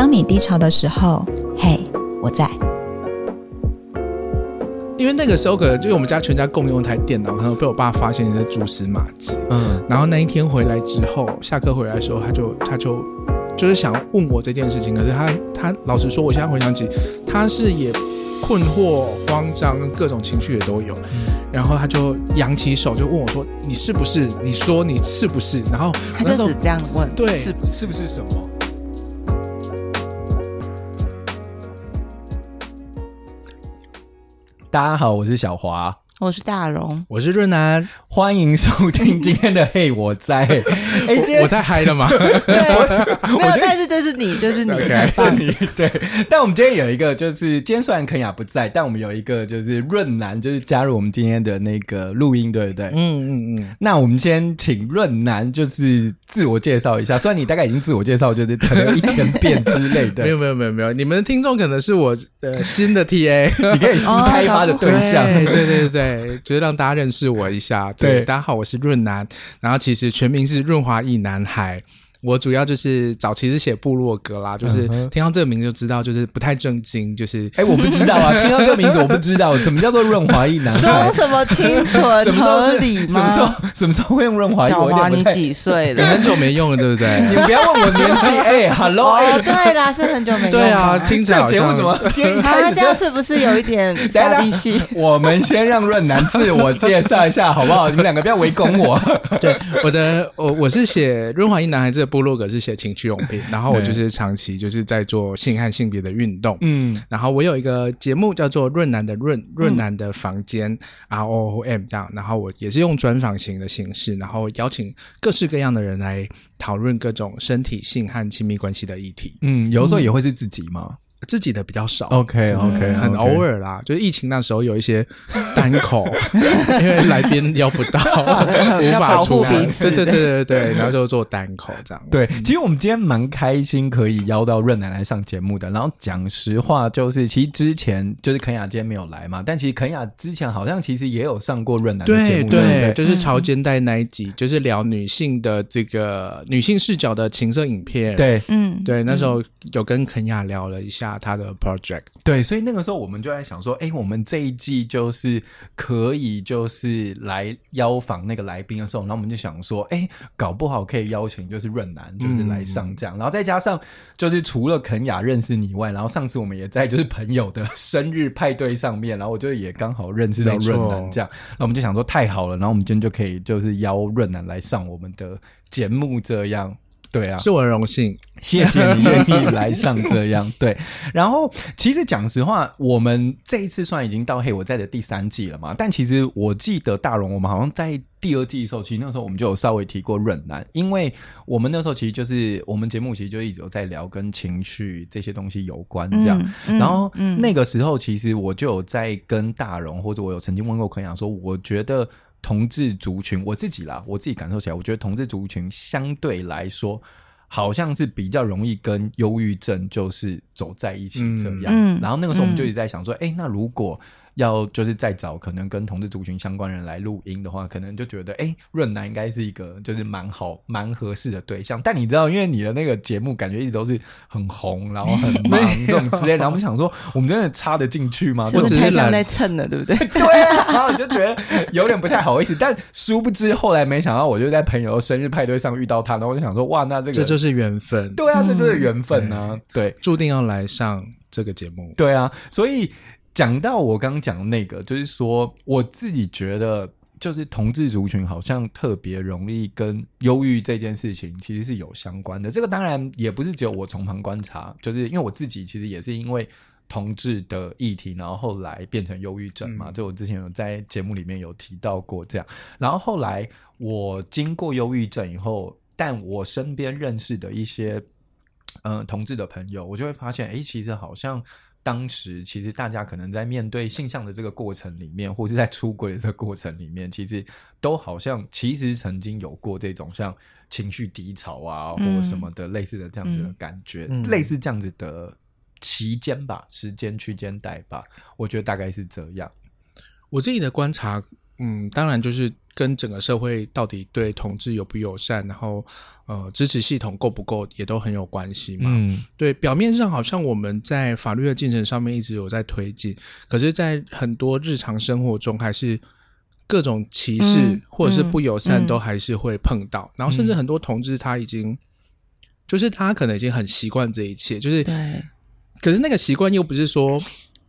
當你低潮的時候，嘿、hey，我在。因為那個時候，就我們家全家共用一台電腦，然後被我爸發現你在蛛絲馬跡。嗯，然後那一天回來之後，下課回來的時候，他就，他就，就是想問我這件事情。可是他，他老實說，我現在回想起，他是也困惑、慌張，各種情緒也都有。嗯、然後他就揚起手就問我說：“你是不是？你說你是不是？”然後他，他就這樣問，對，是不是，是不是什麼？大家好，我是小華。我是大榮，我是潤南，歡迎收聽今天的《嘿我在》，今天我太嗨了嘛？沒有，但是這是你，這是你，這是你。對，但我們今天有一個，就是今天雖然肯雅不在，但我們有一個，就是潤南，就是加入我們今天的那個錄音，對不對？嗯嗯嗯。那我們先請潤南就是自我介紹一下，雖然你大概已經自我介紹，就是可能一千遍之類的，沒有沒有沒有沒有，你們的聽眾可能是我的新的 TA，你可以新開發的對象，對對對對。 對，就是讓大家認識我一下，對， 對，大家好，我是潤男，然後其實全名是潤滑液男孩。我主要就是早期是寫部落格啦，就是、嗯、哼聽到這個名字就知道，就是不太正經。就是哎，我不知道啊，聽到這個名字我不知道怎麼叫做潤滑液男。裝什麼清純？什麼時候是？什麼時候什麼時候會用潤滑？小華花，我你幾歲了？你很久沒用了，對不對？你不要問我年紀。哎哈嘍，哎、啊，對啦，是很久沒用。對啊，聽着節目怎麼？好，那、啊、這樣是不是有一點在必須？我們先讓潤男自我介紹一下，好不好？你們兩個不要圍攻我。對，我的，我我是寫潤滑液男孩子部落格是寫情趣用品，然後我就是長期就是在做性和性別的運動，嗯對，然後我有一個節目叫做“潤男的潤潤男的房間 ”，R O O M 這樣，然後我也是用專訪型的形式，然後邀請各式各樣的人來討論各種身體性和親密關係的議題，嗯，有時候也會是自己嗎？嗯自己的比較少，OK OK，很偶爾啦，就是疫情那時候有一些單口，因為來賓邀不到，無法出。對對對對對，然後就做單口這樣。對，其實我們今天蠻開心可以邀到潤男來上節目的，然後講實話，就是其實之前就是肯雅今天沒有來嘛，但其實肯雅之前好像其實也有上過潤男的節目，對對對，就是潮間帶那一集，就是聊女性的這個女性視角的情色影片，對，嗯，對，那時候有跟肯雅聊了一下。他的 project 對，所以那個時候我們就在想說，哎、欸，我們這一季就是可以就是來邀訪那個來賓的時候，然後我們就想說，哎、欸，搞不好可以邀請就是潤男就是來上這樣，嗯、然後再加上就是除了肯雅認識你以外，然後上次我們也在就是朋友的生日派對上面，然後我就也剛好認識到潤男這樣，那錯我們就想說太好了，然後我們今天就可以就是邀潤男來上我們的節目這樣。對啊，是我的榮幸，謝謝你願意來上這樣。 對，然後其實講實話，我們這一次算已經到《嘿我在》的第三季了嘛。但其實我記得大榮，我們好像在第二季的時候，其實那時候我們就有稍微提過潤男，因為我們那時候其實就是我們節目其實就一直有在聊跟情緒這些東西有關這樣。嗯嗯、然後、嗯、那個時候，其實我就有在跟大榮，或者我有曾經問過坤陽，說我覺得。同志族群，我自己啦，我自己感受起來，我覺得同志族群相對來說，好像是比較容易跟憂鬱症就是走在一起這樣。嗯，然後那個時候我們就一直在想說，哎，嗯欸，那如果。要就是再找可能跟同志族群相關人來錄音的話，可能就覺得哎，潤男應該是一個就是蠻好蠻合適的對象。但你知道，因為你的那個節目感覺一直都是很紅，然後很忙這種之類， 然後我們想說，我們真的插得進去嗎？我只是想在蹭的，這這 對不對？對啊，然後我就覺得有點不太好意思。 但殊不知，後來沒想到，我就在朋友生日派對上遇到他，然後就想說，哇，那這個這就是緣分，對啊，這就是緣分啊，嗯、對，注定要來上這個節目，對啊，所以。講到我剛剛講的那個，就是說，我自己覺得，就是同志族群好像特別容易跟憂鬱這件事情，其實是有相關的。這個當然也不是只有我從旁觀察，就是因為我自己其實也是因為同志的議題，然後後來變成憂鬱症嘛。就、嗯、我之前有在節目裡面有提到過這樣。然後後來我經過憂鬱症以後，但我身邊認識的一些嗯、呃、同志的朋友，我就會發現，哎，其實好像。當時其實大家可能在面對性向的這個過程裡面，或者在出櫃的這個過程裡面，其實都好像其實曾經有過這種像情緒低潮啊，或者什麼的類似的這樣子的感覺，嗯、類似這樣子的期間吧，嗯、時間區間帶吧，我覺得大概是這樣。我自己的觀察，嗯，當然就是。跟整個社會到底對同志友不友善，然後呃支持系統夠不夠也都很有關係嘛。嗯，對，表面上好像我們在法律的進程上面一直有在推進，可是，在很多日常生活中，還是各種歧視或者是不友善都還是會碰到。嗯嗯、然後，甚至很多同志他已經、嗯、就是他可能已經很習慣這一切，就是，對可是那個習慣又不是說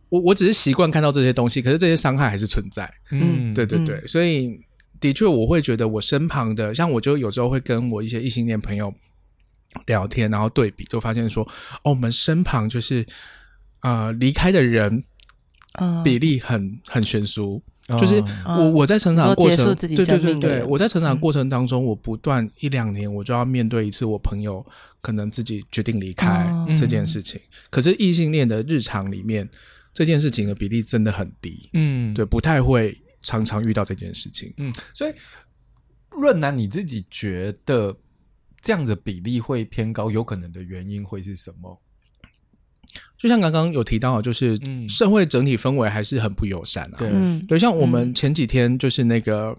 我我只是習慣看到這些東西，可是這些傷害還是存在。嗯，對對對，嗯、所以。的確，我會覺得我身旁的，像我就有時候會跟我一些異性戀朋友聊天，然後對比，就發現說，哦，我們身旁就是，呃，離開的人比例很、嗯、很懸殊。嗯、就是我我在成長的過程，對對對我在成長的過程當中，嗯、我不斷一兩年我就要面對一次我朋友可能自己決定離開這件事情。嗯、可是異性戀的日常裡面，這件事情的比例真的很低。嗯，對，不太會。常常遇到這件事情，嗯，所以潤男你自己覺得這樣的比例會偏高，有可能的原因會是什麼？就像剛剛有提到，就是社會整體氛圍還是很不友善啊，對、嗯，對，像我們前幾天就是那個。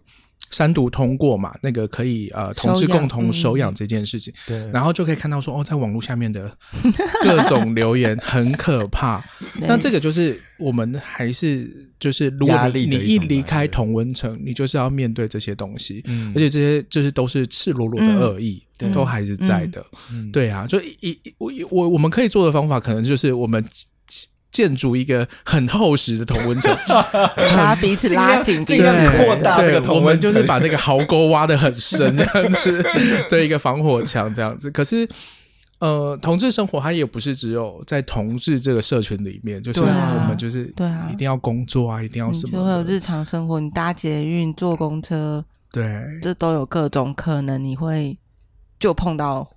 三讀通過嘛，那個可以呃，同志共同收養這件事情，嗯嗯、對，然後就可以看到說哦，在網絡下面的各種留言很可怕。那 這個就是我們還是就是，如果你你一離開同溫層，你就是要面對這些東西，嗯，而且這些就是都是赤裸裸的惡意，嗯、都還是在的，嗯嗯、對啊，就一一我我我們可以做的方法，可能就是我們。建築一個很厚實的同溫層，把它彼此拉緊，盡量擴大，對，我們就是把那個壕溝挖得很深，這樣子， 對，一個防火牆這樣子。可是，呃，同志生活它也不是只有在同志這個社群裡面，就是我們就是對啊，一定要工作啊，啊一定要什麼就會有日常生活，你搭捷運、坐公車，對，這都有各種可能，你會就碰到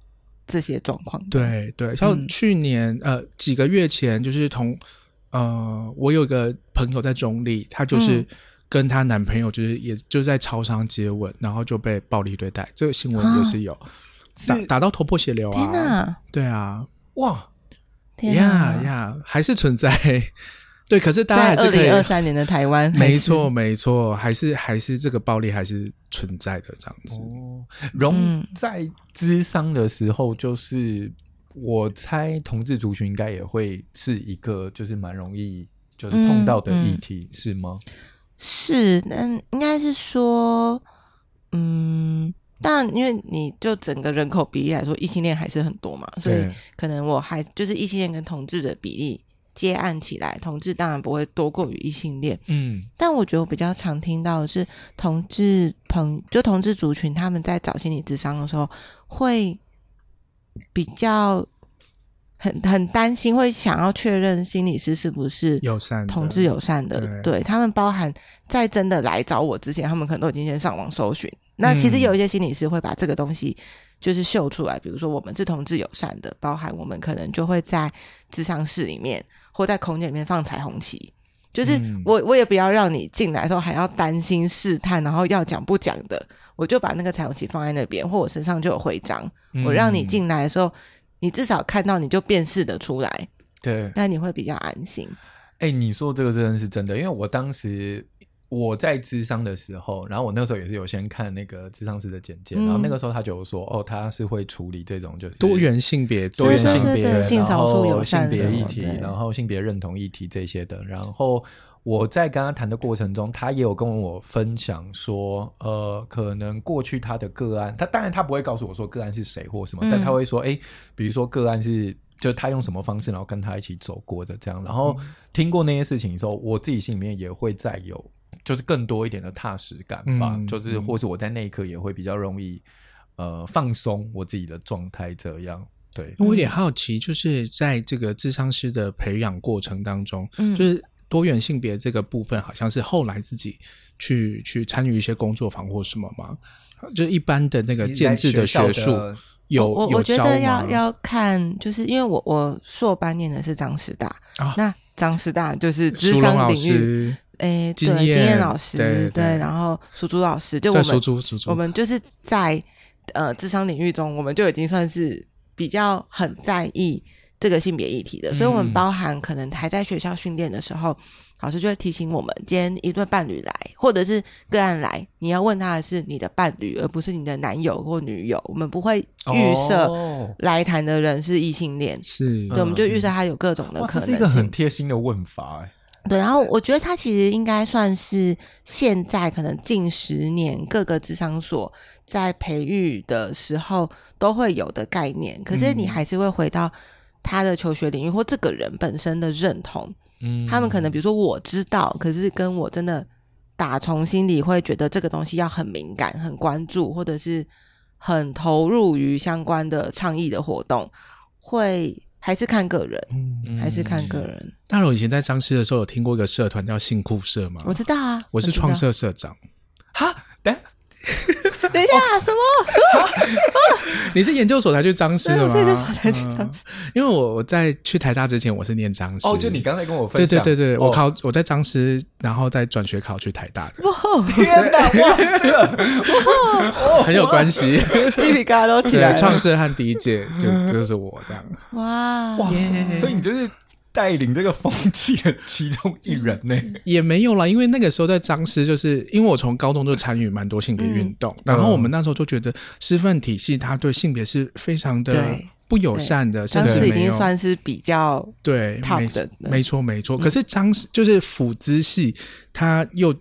這些狀況，對對，像去年、嗯、呃幾個月前，就是同呃，我有一個朋友在中壢，她就是跟她男朋友，就是也就在超商接吻，嗯、然後就被暴力對待，這個新聞也是有、啊、打是打到頭破血流啊，哪對啊，哇，天啊呀呀，yeah, yeah, 還是存在。 對，可是大家還是可以。2023年的台灣。沒錯，沒錯，還是還是這個暴力還是存在的這樣子。哦嗯、潤，在諮商的時候，就是我猜同志族群應該也會是一個，就是蠻容易就是碰到的議題，嗯嗯、是嗎？是，那應該是說，嗯，但因為你就整個人口比例來說，異性戀還是很多嘛，所以可能我還就是異性戀跟同志的比例。接案起來，同志當然不會多過於異性戀。嗯，但我覺得我比較常聽到的是，同志朋就同志族群他們在找心理諮商的時候，會比較很很擔心，會想要確認心理師是不是友善、同志友善的。善的對，對他們，包含在真的來找我之前，他們可能都已經先上網搜尋。嗯、那其實有一些心理師會把這個東西就是秀出來，比如說我們是同志友善的，包含我們可能就會在諮商室裡面。或在空間裡面放彩虹旗，就是我、嗯、我也不要讓你進來的時候還要擔心試探，然後要講不講的，我就把那個彩虹旗放在那邊，或我身上就有徽章，嗯、我讓你進來的時候，你至少看到你就辨識的出來，對，但你會比較安心。哎、欸，你說這個真的是真的，因為我當時。我在諮商的時候，然後我那時候也是有先看那個諮商師的簡介，嗯、然後那個時候他就說，哦，他是會處理這種就是多元性別、多元性別、然後性別議題，然後性別認同議題這些的。然後我在跟他談的過程中，對他也有跟我分享說，呃，可能過去他的個案，他當然他不會告訴我說個案是誰或什麼，嗯、但他會說，哎、欸，比如說個案是就他用什麼方式，然後跟他一起走過的這樣。然後聽過那些事情的時候，嗯、我自己心裡面也會再有。就是更多一點的踏實感吧，嗯、就是或者我在那一刻也會比較容易，嗯、呃，放鬆我自己的狀態。這樣對。我有點好奇，就是在這個諮商師的培養過程當中，嗯、就是多元性別這個部分，好像是後來自己去、嗯、去參與一些工作坊或什麼嗎？就是一般的那個建制的學術有學有，有我。我覺得要要看，就是因為我我碩班念的是彰師大，啊、那彰師大就是諮商領域。哎，對，金燕老師，對,對,對,對，然後淑珠老師，就我們，我們就是在呃諮商領域中，我們就已經算是比較很在意這個性別議題的，嗯、所以，我們包含可能還在學校訓練的時候，老師就會提醒我們，今天一對伴侶來，或者是個案來，你要問他的是你的伴侶，而不是你的男友或女友，我們不會預設來談的人是異性戀。哦、是對，我們就預設他有各種的可能、嗯，這是一個很貼心的問法、欸，哎。對，然後我覺得他其實應該算是現在可能近十年各個諮商所在培育的時候都會有的概念，可是你還是會回到他的求學領域或這個人本身的認同。嗯，他們可能比如說我知道，可是跟我真的打從心裡會覺得這個東西要很敏感、很關注，或者是很投入於相關的倡議的活動會。還是看個人，嗯，還是看個人。大佬，以前在江西的時候，有聽過一個社團叫性酷社嗎？我知道啊，我是創社社長，哈，對。 等一下，什麼？你是研究所才去彰師的嗎？研究所才去彰師，因為我我在去台大之前，我是念彰師哦。就你剛才跟我分享，對對對對，我考我在彰師，然後再轉學考去台大的。哇，天哪，哇，很有關係，雞皮疙瘩都起來了。創設和第一屆就就是我這樣。哇哇，所以你就是。帶領這個風氣的其中一人呢、欸，也沒有啦。因為那個時候在彰師，就是因為我從高中就參與蠻多性別運動，嗯、然後我們那時候就覺得師範體系它對性別是非常的不友善的。彰時已經算是比較的對的，沒錯沒錯。可是彰師就是輔諮系，他又、嗯、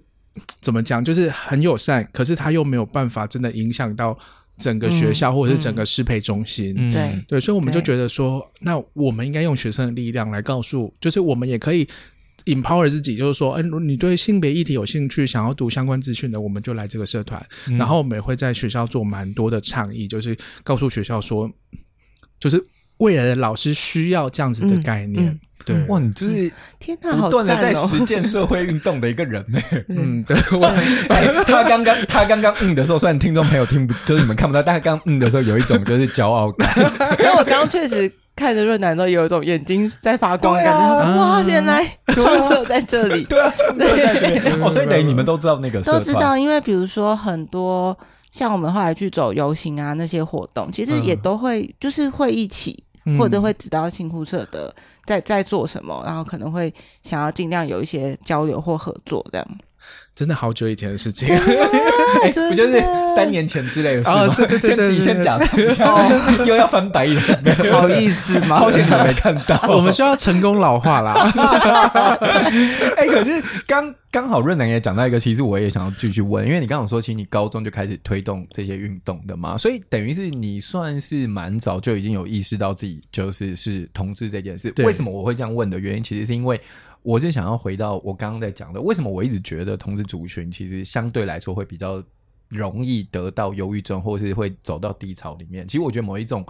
怎麼講？就是很友善，可是他又沒有辦法真的影響到。整個學校或者是整個師培中心、嗯，嗯、對，對，對，所以我們就覺得說，對那我們應該用學生的力量來告訴，就是我們也可以 empower 自己，就是說，如果你對性別議題有興趣，想要讀相關資訊的，我們就來這個社團。嗯、然後我們也會在學校做蠻多的倡議，就是告訴學校說，就是未來的老師需要這樣子的概念。嗯嗯對，哇，你就是天吶，不斷的在實踐社會運動的一個人呢、欸。嗯，啊哦、 嗯，對。哇、 哎，他剛剛他剛剛嗯的時候，雖然聽眾朋友聽不就是你們看不到，但他剛、剛嗯的時候有一種就是驕傲感。因 為我剛剛確實看着潤男都有一種眼睛在發光、就是啊、哇，現在創作、嗯、在這裡，對啊，創作、啊、在這裡。嗯、哦，所以等於你們都知道那個，都知道，因為比如說很多像我們後來去走遊行啊那些活動，其實也都會、嗯、就是會一起。或者會知道新酷社的在、嗯、在做什麼，然後可能會想要盡量有一些交流或合作這樣。真的好久以前的事情，啊、欸、不就是三年前之類的事嗎？先自己先講一下，又要翻白眼， 不好意思嗎，好險 你沒看到。我們需要成功老化啦。哎、 欸，可是剛剛好潤男也講到一個，其實我也想要繼續問，因為你剛剛說，其實你高中就開始推動這些運動的嘛，所以等於是你算是蠻早就已經有意識到自己就是是同志這件事。對為什麼我會這樣問的原因，其實是因為。我是想要回到我剛剛在講的，為什麼我一直覺得同志族群，其實相對來說會比較容易得到憂鬱症，或是會走到低潮裡面。其實我覺得某一種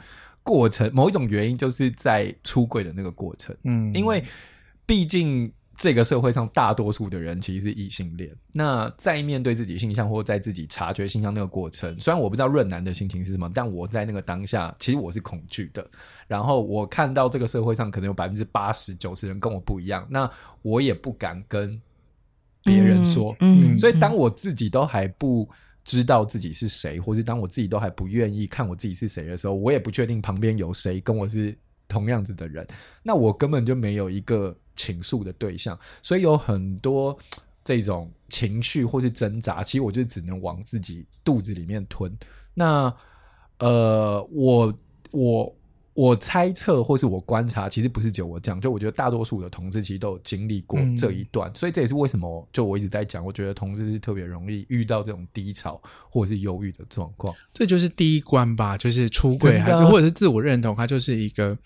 過程，某一種原因，就是在出櫃的那個過程。嗯，因為畢竟。這個社會上大多數的人其實是異性戀。那在面對自己性向，或在自己察覺性向那個過程，雖然我不知道潤男的心情是什麼，但我在那個當下，其實我是恐懼的。然後我看到這個社會上可能有百分之八十九十人跟我不一樣，那我也不敢跟別人說。嗯嗯嗯、所以當我自己都還不知道自己是誰，嗯嗯、或是當我自己都還不願意看我自己是誰的時候，我也不確定旁邊有誰跟我是同樣子的人。那我根本就沒有一個。傾訴的對象，所以有很多這種情緒或是掙扎，其實我就只能往自己肚子裡面吞。那呃，我我我猜測或是我觀察，其實不是只有我講，就我覺得大多數的同志其實都有經歷過這一段，嗯、所以這也是為什麼就我一直在講，我覺得同志是特別容易遇到這種低潮或者是憂鬱的狀況。這就是第一關吧，就是出櫃還是的或者是自我認同，它就是一個。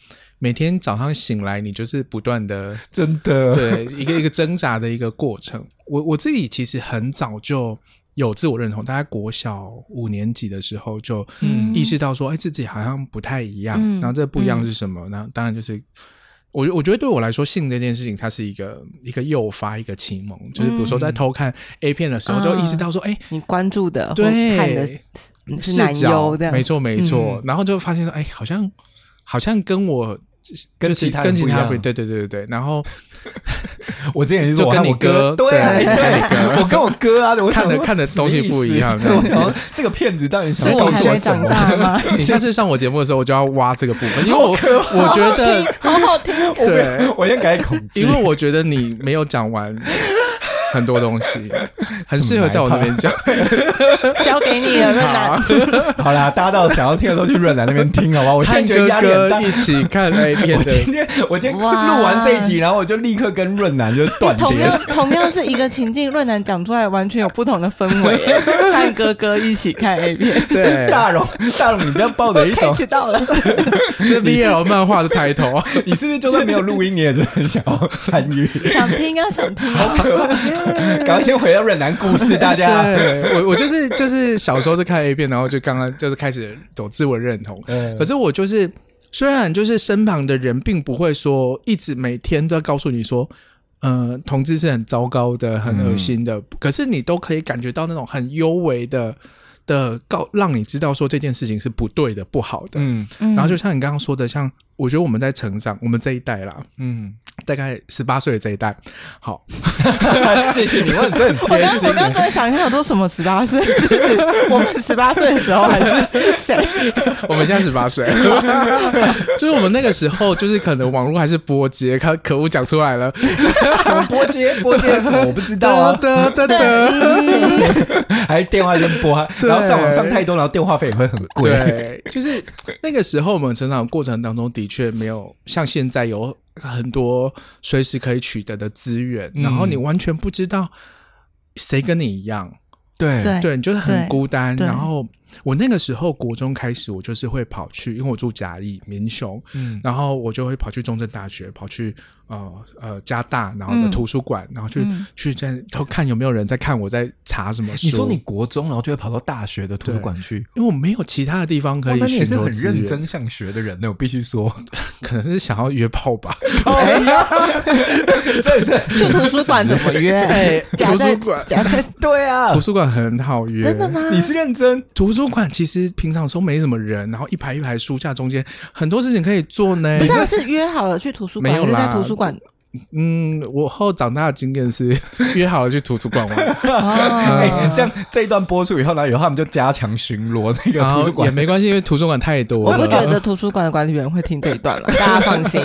每天早上醒來，你就是不斷的，真的，對，一個一個掙扎的一個過程。我我自己其實很早就有自我認同，大概國小五年級的時候就意識到說，哎，自己好像不太一樣。然後這不一樣是什麼呢？當然就是我我覺得對我來說，性這件事情，它是一個一個誘發一個啟蒙，就是比如說在偷看 A 片的時候，就意識到說，哎，你關注的對看的是男優的，沒錯沒錯，然後就發現說，哎，好像好像跟我。跟其他不一樣，對對對對對。然後我之前就跟你哥，對對，我跟我哥啊，看的看的東西不一樣。這個騙子到底想說什麼？你下次上我節目的時候，我就要挖這個部分，因為我我覺得好好聽。對，我先改口，因為我覺得你沒有講完。很多東西很適合在我那邊講， 交給你了，潤男好、啊。好啦，大家到想要聽的時候去潤男那邊聽，好吧？跟哥哥一起看 A 片。我今天我今天錄完這一集，然後我就立刻跟潤男就斷絕。同樣同樣是一個情境，潤男講出來完全有不同的氛圍。看 哥哥一起看 A 片，對大榮大榮，你不要抱着一種。取到了，這 B L 漫畫的抬頭，你，你是不是就算沒有錄音，你也真的很想要參與？想聽啊，想聽愛、啊 剛 快先回到潤男故事，大家 對。我我就是就是小時候是看 A 片，然後就剛剛就是開始走自我認同。 可是我就是雖然就是身旁的人並不會說一直每天都要告訴你說，嗯、呃，同志是很糟糕的，很噁心的、嗯、可是你都可以感覺到那種很幽微的的告讓你知道說這件事情是不對的，不好的。嗯，然後就像你剛剛說的，像。我覺得我們在成長，我們這一代啦，嗯，大概十八歲的這一代，好， 謝謝你，我很正，我剛剛正在想，你看有多什麼十八歲，我們十八歲的時候還是誰？ 我們現在十八歲， 就是我們那個時候，就是可能網絡還是撥接，可可惡，講出來了，什麼撥接撥接什麼我不知道啊，的、嗯，得、嗯、得，還電話線撥，對然後上網上太多，然後電話費也會很貴，對，就是那個時候我們成長的過程當中的。卻沒有像現在有很多隨時可以取得的資源，嗯、然後你完全不知道誰跟你一樣，對對，你就是很孤單。對然後我那個時候國中開始，我就是會跑去，因為我住嘉義民雄，嗯、然後我就會跑去中正大學，跑去。呃呃，加大，然後的圖書館，然後去去在，都看有沒有人在看我在查什麼。你說你國中，然後就會跑到大學的圖書館去？因為我沒有其他的地方可以選擇。很認真想學的人呢，我必須說，可能是想要約炮吧？這也是。去圖書館怎麼約？圖書館？對啊，圖書館很好約。真的嗎？你是認真？圖書館其實平常說沒什麼人，然後一排一排書架中間，很多事情可以做呢。不是，是約好了去圖書館，就在圖書。嗯，我後長大的經驗是約好了去圖書館玩，哦欸。這樣這一段播出以後呢，以後他們就加強巡邏那個圖書館也沒關係，因為圖書館太多了。了我不覺得圖書館的管理員會聽這一段了，大家放心。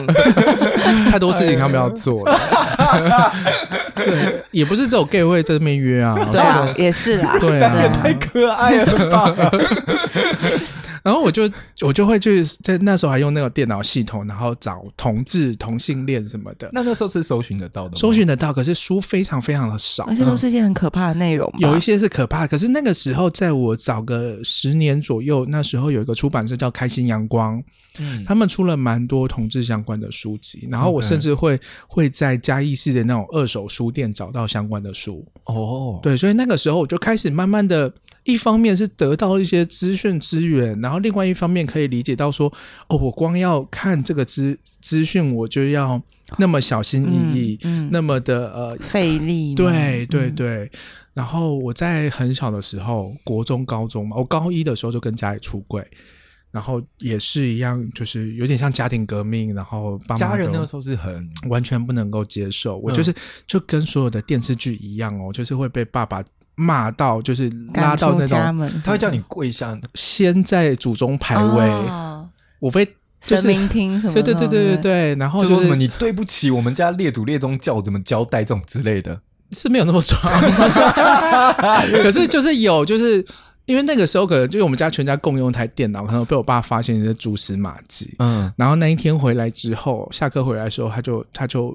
太多事情他們要做了。哎、呦 也不是只有 gay 會在這邊約啊。對，啊也是啊對啊，對了太可愛了， 然後我就我就會去在那時候還用那個電腦系統，然後找同志、同性戀什麼的。那個時候是搜尋得到的嗎？搜尋得到，可是書非常非常的少，而且都是一些很可怕的內容，嗯。有一些是可怕的，可是那個時候，在我找個十年左右，嗯，那時候有一個出版社叫開心陽光，嗯，他們出了蠻多同志相關的書籍，然後我甚至會、嗯、會在嘉義市的那種二手書店找到相關的書。哦，對，所以那個時候我就開始慢慢的。一方面是得到一些資訊資源，然後另外一方面可以理解到說，哦，我光要看這個資資訊，我就要那麼小心翼翼，嗯嗯、那麼的呃費力。對對對。嗯、然後我在很小的時候，國中、高中，我高一的時候就跟家裡出櫃，然後也是一樣，就是有點像家庭革命。然後爸家人。那個時候是很完全不能夠接受，我就是就跟所有的電視劇一樣哦，就是會被爸爸。罵到就是拉到那種，他會叫你跪下，嗯、先在祖宗牌位，哦、我會就是聆聽什麼，對，對對對對對，然後就，是、就為什麼你對不起我們家列祖列宗，叫我怎麼交代這種之類的，是沒有那麼爽。可是就是有，就是因為那個時候可能就是我們家全家共用一台電腦，可能被我爸發現一些蛛絲馬跡，嗯，然後那一天回來之後，下課回來的時候，他就他就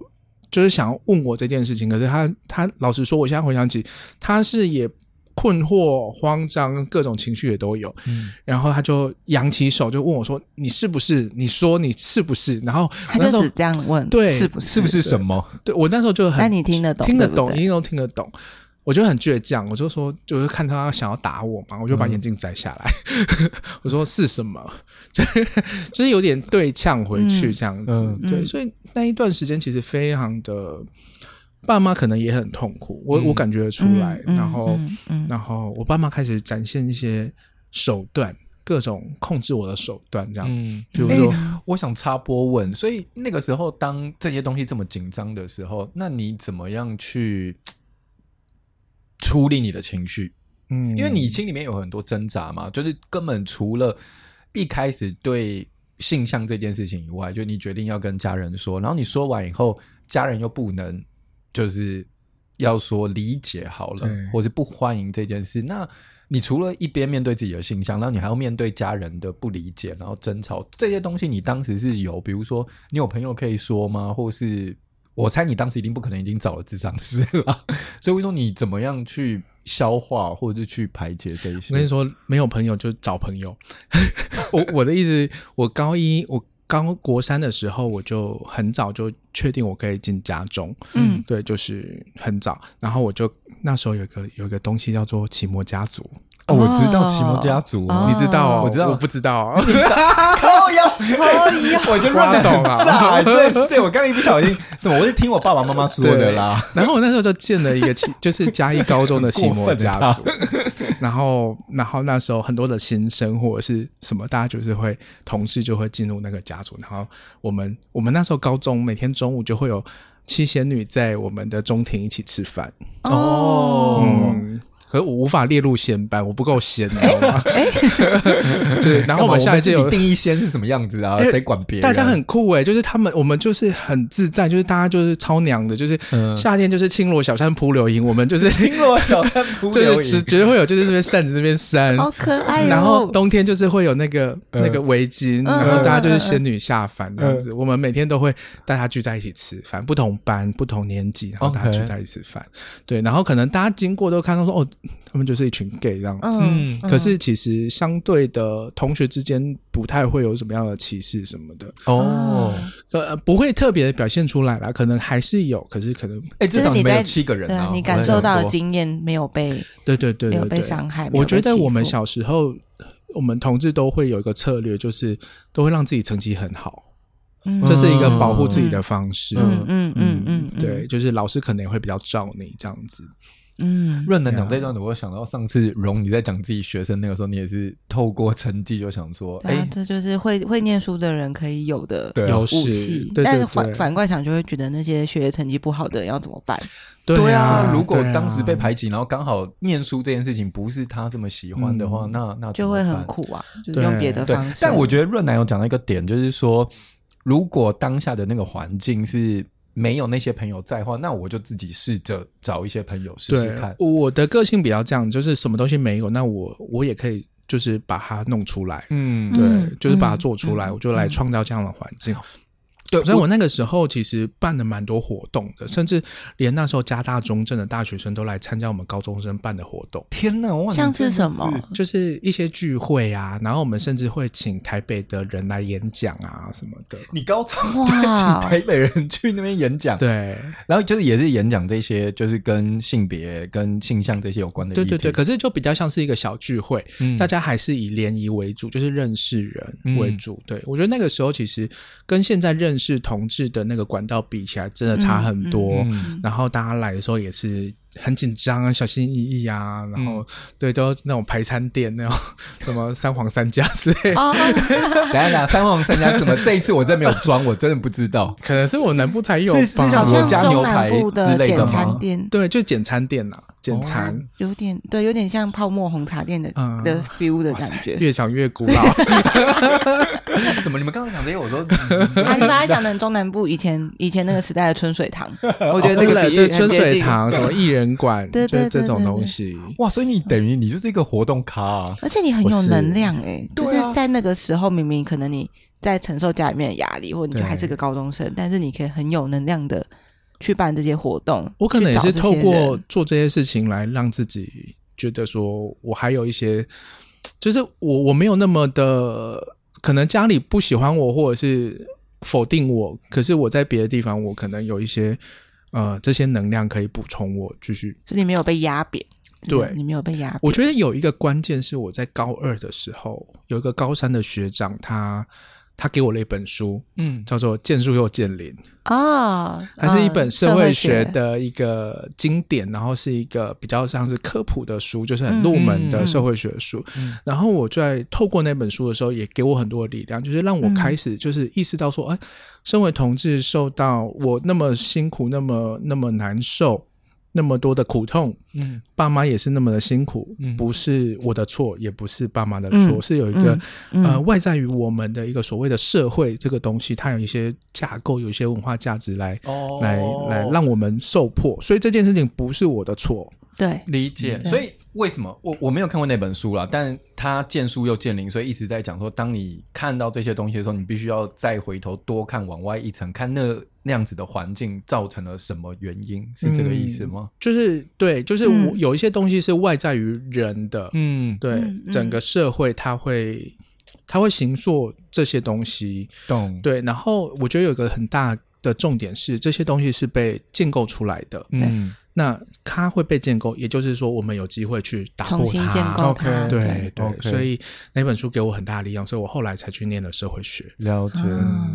就是想問我這件事情，可是他他老實說，我現在回想起，他是也困惑、慌張，各種情緒也都有。嗯，然後他就揚起手就問我說：“你是不是？你說你是不是？”然後那時候他就只這樣問：“對，是不是？是不是什麼？”對，對我那時候就很，那你聽得懂，聽得懂，對對一定都聽得懂。我就很倔強，我就說，就是看他想要打我嘛，我就把眼鏡摘下來。嗯、 我說是什麼？就就是有點對嗆回去這樣子。嗯、對，嗯、所以那一段時間其實非常的，爸媽可能也很痛苦，我、嗯、我感覺出來。然後，嗯嗯嗯、然後，然後我爸媽開始展現一些手段，各種控制我的手段，這樣。嗯，比如說、欸，我想插播問，所以那個時候，當這些東西這麼緊張的時候，那你怎麼樣去？處理你的情緒，嗯，因為你心裡面有很多掙扎嘛，就是根本除了一開始對性向這件事情以外，就你決定要跟家人說，然後你說完以後，家人又不能，就是要說理解好了，對或是不歡迎這件事。那你除了一邊面對自己的性向，然後你還要面對家人的不理解，然後爭吵這些東西，你當時是有，比如說你有朋友可以說嗎，或是？我猜你當時一定不可能已經找了諮商師了， 所以我說你怎麼樣去消化或者去排解這些？我跟你說，沒有朋友就找朋友。 我我的意思， 我高一我高國三的時候，我就很早就確定我可以進嘉中。嗯，對，就是很早。然後我就那時候有一個有一個東西叫做“奇摩家族”。我知道奇摩家族，你知道啊？我知道，我不知道。靠呀！靠呀！我就亂懂很，傻，對的我剛一不小心，什麼？我是聽我爸爸媽媽說的啦。然後我那時候就建了一個奇，就是嘉義高中的奇摩家族。然後，然後那時候很多的新生或者是什麼，大家就是會同時就會進入那個家族。然後我們，我們那時候高中每天中午就會有七仙女在我們的中庭一起吃飯。哦。可是我無法列入仙班，我不夠仙，你知道嗎？對，然後我們下面就定義仙是什麼樣子啊？誰管別人？大家很酷哎，就是他們，我們就是很自在，就是大家就是超娘的，就是夏天就是輕羅小扇撲流螢，我們就是輕羅小扇撲流螢，就是絕對會有就是這邊扇子那邊扇，好可愛。然後冬天就是會有那個那個圍巾，然後大家就是仙女下凡這樣子。我們每天都會大家聚在一起吃飯，不同班、不同年紀，然後大家聚在一起吃飯。對，然後可能大家經過都看到說哦。他們就是一群 gay 這樣子、嗯，可是其實相對的同學之間不太會有什麼樣的歧視什麼的哦，呃，不會特別表現出來啦，可能還是有，可是可能，哎、欸，至少你沒有七個人，啊你對，你感受到的經驗沒有被，沒有被對，對，對對對，沒有被傷害。我覺得我們小時候，我們同志都會有一個策略，就是都會讓自己成績很好，這、嗯、是一個保護自己的方式。嗯嗯嗯嗯，嗯，嗯，對，就是老師可能也會比較罩你這樣子。嗯，潤男講這段的時候，我想到上次榮你在講自己學生那個時候，你也是透過成績就想說，哎、啊，欸、這就是會會念書的人可以有的有武器。對但是對對對，反反過來想，就會覺得那些學業成績不好的人要怎麼辦？對啊，對啊，如果當時被排擠，然後剛好念書這件事情不是他這麼喜歡的話，嗯、那那就會很苦啊，就是、用別的方式。但我覺得潤男有講到一個點，就是說，如果當下的那個環境是。沒有那些朋友在的話，那我就自己試着找一些朋友試試看。對，我的個性比較這樣，就是什麼東西沒有，那我我也可以就是把它弄出來，嗯，對，嗯、就是把它做出來，嗯、我就來創造這樣的環境。嗯嗯嗯嗯對，所以我那個時候其實辦了蠻多活動的，我甚至連那時候加大中正的大學生都來參加我們高中生辦的活動。天哪，像是什麼？就是一些聚會啊，然後我們甚至會請台北的人來演講啊什麼的。你高中？對，哇請台北人去那邊演講，對。然後就是也是演講這些，就是跟性別、跟性向這些有關的。對對對，可是就比較像是一個小聚會，嗯、大家還是以聯誼為主，就是認識人為主。嗯、對我覺得那個時候其實跟現在認是同志的那個管道比起來，真的差很多。嗯嗯嗯、然後大家來的時候也是。很緊張，小心翼翼啊，然後對，就那種排餐店，那種什麼三皇三家之類。等一下，三皇三家什麼，這一次我真的沒有裝，我真的不知道，可能是我南部才有吧。像中南部的簡餐店，對，就簡餐店吶，簡餐。有點對，有點像泡沫紅茶店的的 feel 的感覺。越想越古老。什麼？你們剛才講的，我說大家講的中南部以前以前那個時代的春水堂，我覺得那個對春水堂什麼藝人。人管對對，對，對，對就是這種東西哇，所以你等於你就是一個活動咖、啊，而且你很有能量哎、欸，是就是在那個時候，明明可能你在承受家裡面的壓力，或者你就還是個高中生，對但是你可以很有能量的去辦這些活動。我可能也是透過做這些事情來讓自己覺得說，我還有一些，就是我我沒有那麼的，可能家裡不喜歡我，或者是否定我，可是我在別的地方，我可能有一些。呃，這些能量可以補充我繼續，是對你沒有被壓扁，對，你沒有被壓扁。我覺得有一個關鍵是我在高二的時候，有一個高三的學長，他。他給我了一本書，嗯，叫做《見樹又見林》啊，哦、它是一本社會學的一個經典，哦、然後是一個比較像是科普的書，就是很入門的社會學書。嗯嗯嗯、然後我在透過那本書的時候，也給我很多的力量，就是讓我開始就是意識到說，哎、嗯啊，身為同志受到我那麼辛苦，嗯、那麼那麼難受。那麼多的苦痛，嗯，爸媽也是那麼的辛苦，嗯，不是我的錯，也不是爸媽的錯，嗯、是有一個、嗯、呃外在於我們的一個所謂的社會這個東西，嗯、它有一些架構，有一些文化價值來，哦、來，來讓我們受迫，所以這件事情不是我的錯。對，理解。所以為什麼我我沒有看過那本書啦？但他見樹又見林，所以一直在講說，當你看到這些東西的時候，你必須要再回頭多看往外一層，看那那樣子的環境造成了什麼原因？是這個意思嗎？嗯、就是對，就是我有一些東西是外在於人的，嗯，對，嗯、整個社會它會它會形塑這些東西，懂？對。然後我覺得有一個很大的重點是，這些東西是被建構出來的，嗯。那他會被建構，也就是說，我們有機會去打破它。重新建構他。對 Okay, 對，對 okay 所以那本書給我很大的力量，所以我後來才去念了社會學。了解，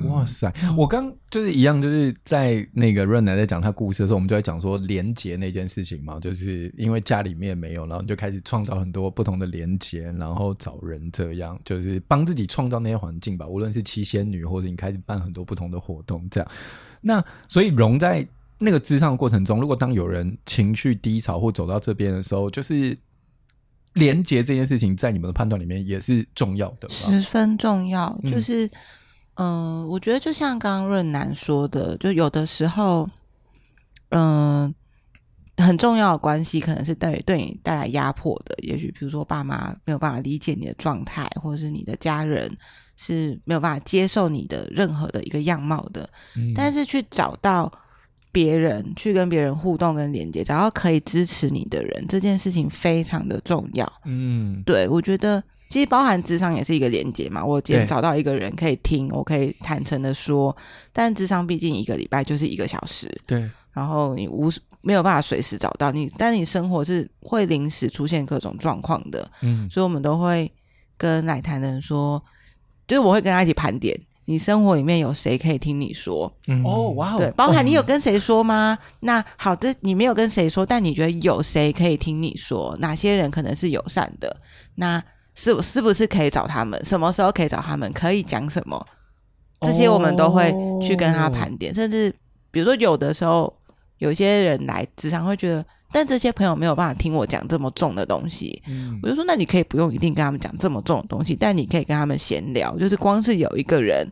哇塞！嗯、我剛就是一樣，就是在那個潤男在講他故事的時候，我們就在講說連結那件事情嘛，就是因為家裡面沒有，然後你就開始創造很多不同的連結，然後找人這樣，就是幫自己創造那些環境吧。無論是七仙女，或者你開始辦很多不同的活動，這樣。那所以容在，那個諮商過程中，如果當有人情緒低潮或走到這邊的時候，就是連結這件事情，在你們的判斷裡面也是重要的，十分重要。就是，嗯、呃，我覺得就像剛、剛潤男說的，就有的時候，嗯、呃，很重要的關係可能是帶對、對你帶來壓迫的，也許比如說爸媽沒有辦法理解你的狀態，或者是你的家人是沒有辦法接受你的任何的一個樣貌的，嗯、但是去找到。別人去跟別人互動、跟連接，找到可以支持你的人，這件事情非常的重要。嗯，對，我覺得其實包含諮商也是一個連接嘛。我今天找到一個人可以聽，對我可以坦誠的說，但諮商畢竟一個禮拜就是一個小時。對，然後你無沒有辦法隨時找到你，但你生活是會臨時出現各種狀況的。嗯，所以我們都會跟來談的人說，就是我會跟他一起盤點。你生活裡面有誰可以聽你說？哦、嗯，哇，對，包含你有跟誰說嗎？嗯、那好的，你沒有跟誰說，但你覺得有誰可以聽你說？哪些人可能是友善的？那是是不是可以找他們？什麼時候可以找他們？可以講什麼？這些我們都會去跟他盤點，哦、甚至比如說有的時候。有些人來時常會覺得，但這些朋友沒有辦法聽我講這麼重的東西。嗯，我就說，那你可以不用一定跟他們講這麼重的東西，但你可以跟他們閒聊，就是光是有一個人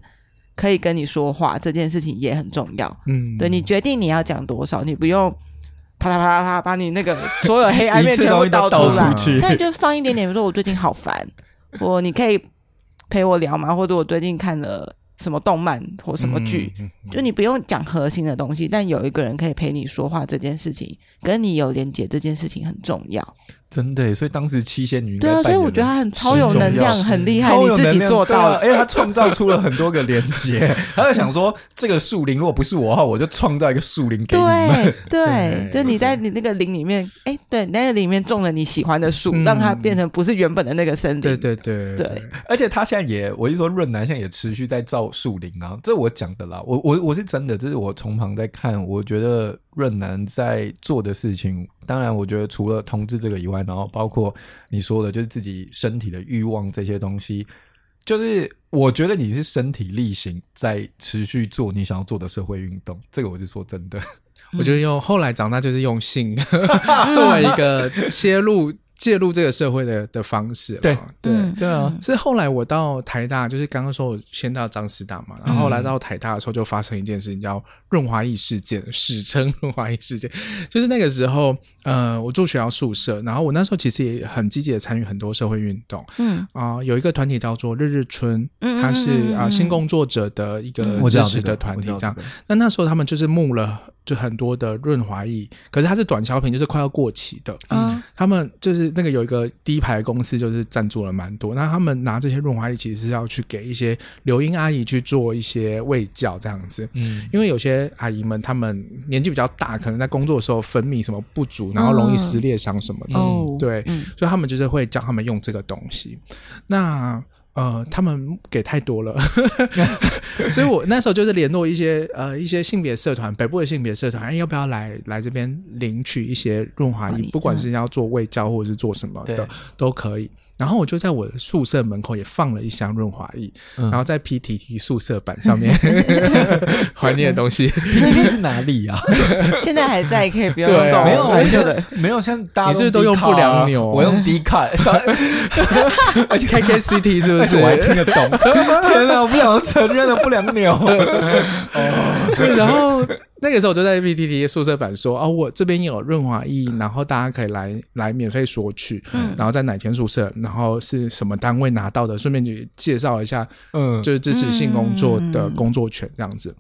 可以跟你說話，這件事情也很重要。嗯，對，你決定你要講多少，你不用啪啦啪啦啪，把你那個所有黑暗面全部倒出來，但 就放一點點。比如說，我最近好煩，我你可以陪我聊嗎？或者我最近看了。什麼動漫或什麼劇，嗯，就你不用講核心的東西，但有一個人可以陪你說話，這件事情跟你有連結，這件事情很重要。真的，所以當時七仙女對啊，所以我覺得她很超有能量，很厲害，超有能力做到了。哎、啊，她創造出了很多個連結。她 在想說，這個樹林如果不是我的話，我就創造一個樹林給你，對。對對，就你在你那個林裡面，哎、欸，對，那個裡面種了你喜歡的樹，嗯、讓它變成不是原本的那個森林。對對對對。對，而且她現在也，我就說潤男現在也持續在造樹林啊，這我講的啦。我我我是真的，這、就是我從旁在看，我覺得潤男在做的事情，當然我覺得除了同志這個以外。然後包括你說的，就是自己身體的慾望這些東西，就是我覺得你是身體力行在持續做你想要做的社會運動。這個我是說真的，嗯、我覺得用後來長大就是用性 作為一個切入。介入這個社會的的方式，對對、嗯、對啊！是後來我到台大，就是剛剛說我先到彰師大嘛，然後來到台大的時候就發生一件事情，叫潤滑液事件，史稱潤滑液事件。就是那個時候，呃，我住學校宿舍，然後我那時候其實也很積極的參與很多社會運動，嗯啊、呃，有一個團體叫做日日春，嗯。他、嗯嗯、是啊、嗯嗯、性工作者的一個支持的團體，這個這個、這樣。那那時候他們就是募了就很多的潤滑液，可是它是短消品，就是快要過期的嗯。嗯他們就是那個有一個第一排公司，就是贊助了蠻多。那他們拿這些潤滑液，其實是要去給一些流鶯阿姨去做一些衛教這樣子。嗯，因為有些阿姨們，她們年紀比較大，可能在工作的時候分泌什麼不足，然後容易撕裂傷什麼的。啊、對，嗯、所以他們就是會教他們用這個東西。那。呃，他們給太多了， 所以我那時候就是聯絡一些呃一些性別社團，北部的性別社團，哎，要不要來來這邊領取一些潤滑液，以不管是要做衛教或者是做什麼的，嗯、都可以。然後我就在我的宿舍門口也放了一箱潤滑液，然後在 PTT 宿舍板上面，懷念的東西是哪裡啊？現在還在，可以不要動。沒有，沒有，沒有，像大家都是都用不良牛，我用 Dcard，而且 K K C T 是不是？我還聽得懂。天哪，我不想承認了，不良牛。哦，然後。那個時候我就在 PTT 宿舍版說哦，我這邊有潤滑液，然後大家可以來來免費索取，然後在哪間宿舍，然後是什麼單位拿到的，順便就介紹一下，嗯，就是支持性工作的工作權這樣子。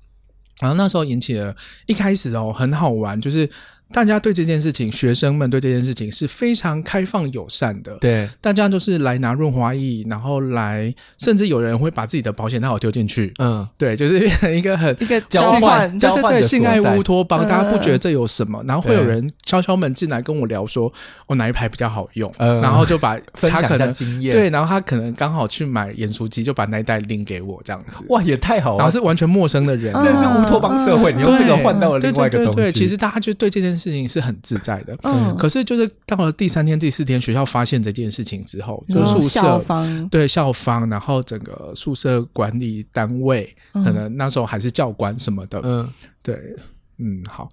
然後那時候引起了一開始哦、喔、很好玩，就是。大家對這件事情，學生們對這件事情是非常開放友善的。對，大家就是來拿潤滑液，然後來，甚至有人會把自己的保險套丟進去。嗯，對，就是一個很一個交換，對對對，性愛烏托邦，大家不覺得這有什麼？然後會有人敲敲門進來跟我聊說：“我哪一牌比較好用？”然後就把分享一下經驗。對，然後他可能剛好去買鹽酥雞，就把那一袋拎給我這樣子。哇，也太好了！然後是完全陌生的人，這是烏托邦社會，你用這個換到了另外一個東西。對，其實大家就對這件事事情是很自在的，可是就是到了第三天、第四天，學校發現這件事情之後，就是宿舍，對，校方，然後整個宿舍管理單位，可能那時候還是教官什麼的，嗯，對，嗯，好，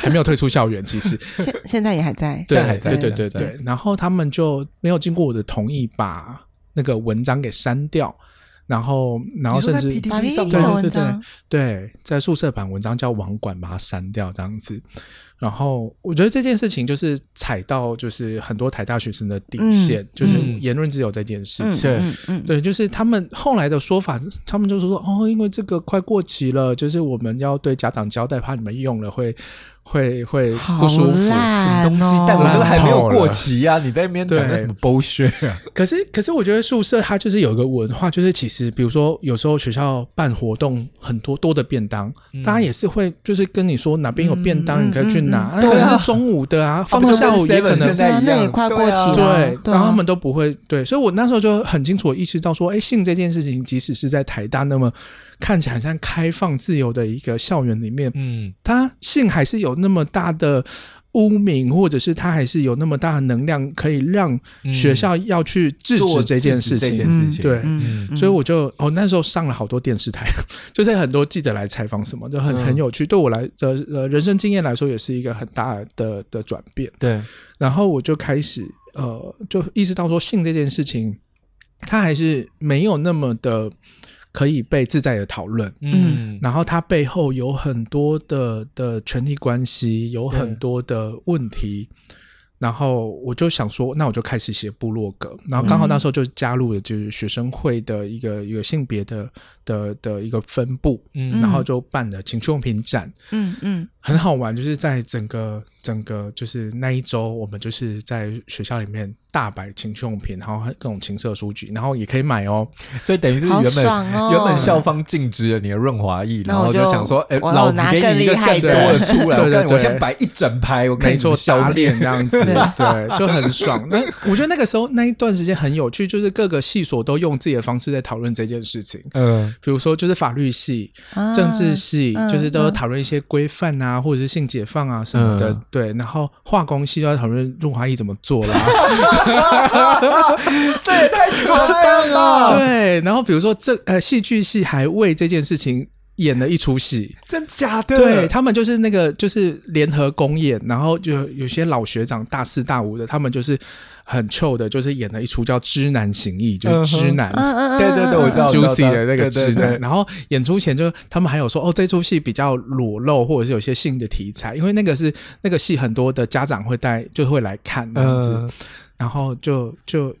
還沒有退出校園，其實現現在也還在，對，還在，對對對對，然後他們就沒有經過我的同意，把那個文章給刪掉，然後，然後甚至 PTT 上的文章，對，在宿舍版文章叫網管把它刪掉，這樣子。然後我覺得這件事情就是踩到就是很多台大學生的底線，嗯嗯、就是言論自由這件事情嗯。嗯，嗯，嗯對，就是他們後來的說法，他們就是說哦，因為這個快過期了，就是我們要對家長交代，怕你們用了會。會會不舒服，吃東西，但我覺得還沒有過期啊，你在那邊講的什麼剝削啊？可是可是，我覺得宿舍它就是有一個文化，就是其實比如說，有時候學校辦活動很多多的便當，大家也是會就是跟你說哪邊有便當，你可以去拿。可能是中午的啊，放到下午也可能。那也快過期了。對，然後他們都不會對，所以我那時候就很清楚意識到說，誒，性這件事情，即使是在台大，那麼。看起來像開放自由的一個校園裡面，嗯，他性還是有那麼大的污名，或者是他還是有那麼大的能量可以讓學校要去制止這件事情。嗯、這件事、嗯、對，嗯嗯、所以我就哦那時候上了好多電視台，嗯嗯、 就是很多記者來採訪什麼，就很很有趣。嗯、對我來，的呃，人生經驗來說，也是一個很大的的轉變。對，然後我就開始呃，就意識到說，性這件事情，他還是沒有那麼的。可以被自在的討論，嗯，然後他背後有很多的的權力關係，有很多的問題，對然後我就想說，那我就開始寫部落格，然後剛好那時候就加入了，就是學生會的一個一個性別的的的一個分部。嗯，然後就辦了情趣用品展，嗯嗯。嗯很好玩，就是在整個整個就是那一周，我們就是在學校裡面大擺情趣用品，然後還各種情色書籍，然後也可以買哦。所以等於是原本、哦、原本校方禁止了你的潤滑液，然後就想說，哎、欸，拿老子給你一個更多的出來，對對，對，對我先擺一整排，我跟你說，項鏈這樣子 對，對，就很爽。那我覺得那個時候那一段時間很有趣，就是各個系所都用自己的方式在討論這件事情。嗯，比如說就是法律系、啊、政治系，嗯、就是都討論一些規範啊。啊，或者是性解放啊什麼的，嗯、對，然後化工系就要討論潤滑液怎麼做了，這也太誇張了，對，然後比如說這呃戲劇系還為這件事情。演了一出戲，真假的？對他們就是那個就是聯合公演，然後就有些老學長大四大五的，他們就是很臭的，就是演了一出叫《知難行易》嗯哼，就是知難、嗯。對對對，我知道、啊、Juicy 的那個知難對，對，對。對然後演出前就他們還有說，哦，這出戲比較裸露，或者是有些性的題材，因為那個是那個戲很多的家長會帶，就會來看那樣子。嗯、然後就就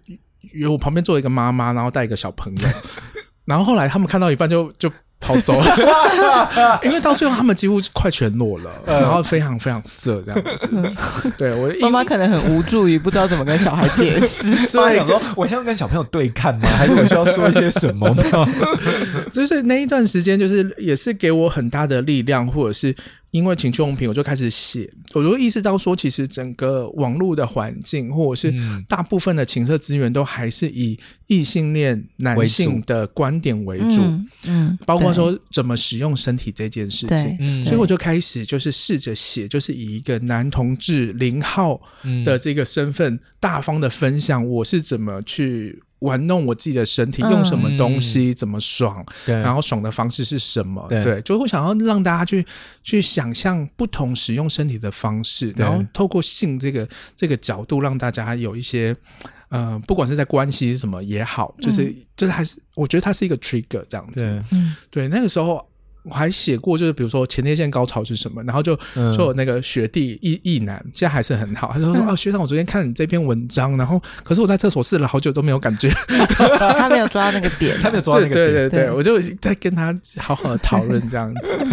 有我旁邊坐一個媽媽，然後帶一個小朋友。 然後後來他們看到一半就就。跑走了， 因為到最後他們幾乎快全裸了，呃、然後非常非常色這樣子。嗯、對我媽媽可能很無助，於不知道怎麼跟小孩解釋，所以 對 想說，我現在跟小朋友對看嗎？還是我需要說一些什麼嗎？ 就是那一段時間，就是也是給我很大的力量，或者是。因為情趣用品，我就開始寫。我就意識到說，其實整個網絡的環境，或者是大部分的情色資源，都還是以異性戀男性的觀點為主。嗯，嗯，包括說怎麼使用身體這件事情。嗯，所以我就開始就是試着寫，就是以一個男同志零號的這個身份，大方的分享我是怎麼去。玩弄我自己的身體，用什麼東西、嗯、怎麼爽，對然後爽的方式是什麼？對，就會想要讓大家去去想象不同使用身體的方式，對然後透過性這個這個角度讓大家有一些，呃，不管是在關係什麼也好，就是、嗯、就是還是我覺得它是一個 trigger 這樣子。對，嗯、對，那個時候。我還寫過，就是比如說前列腺高潮是什麼，然後就就那個學弟異異男，現在還是很好。他就說：“嗯、哦，學長，我昨天看你這篇文章，然後可是我在廁所試了好久都沒有感覺。”他沒有抓，那個，、啊、沒有抓那個點，他沒有抓那個點。對對對，對我就在跟他好好的討論這樣子，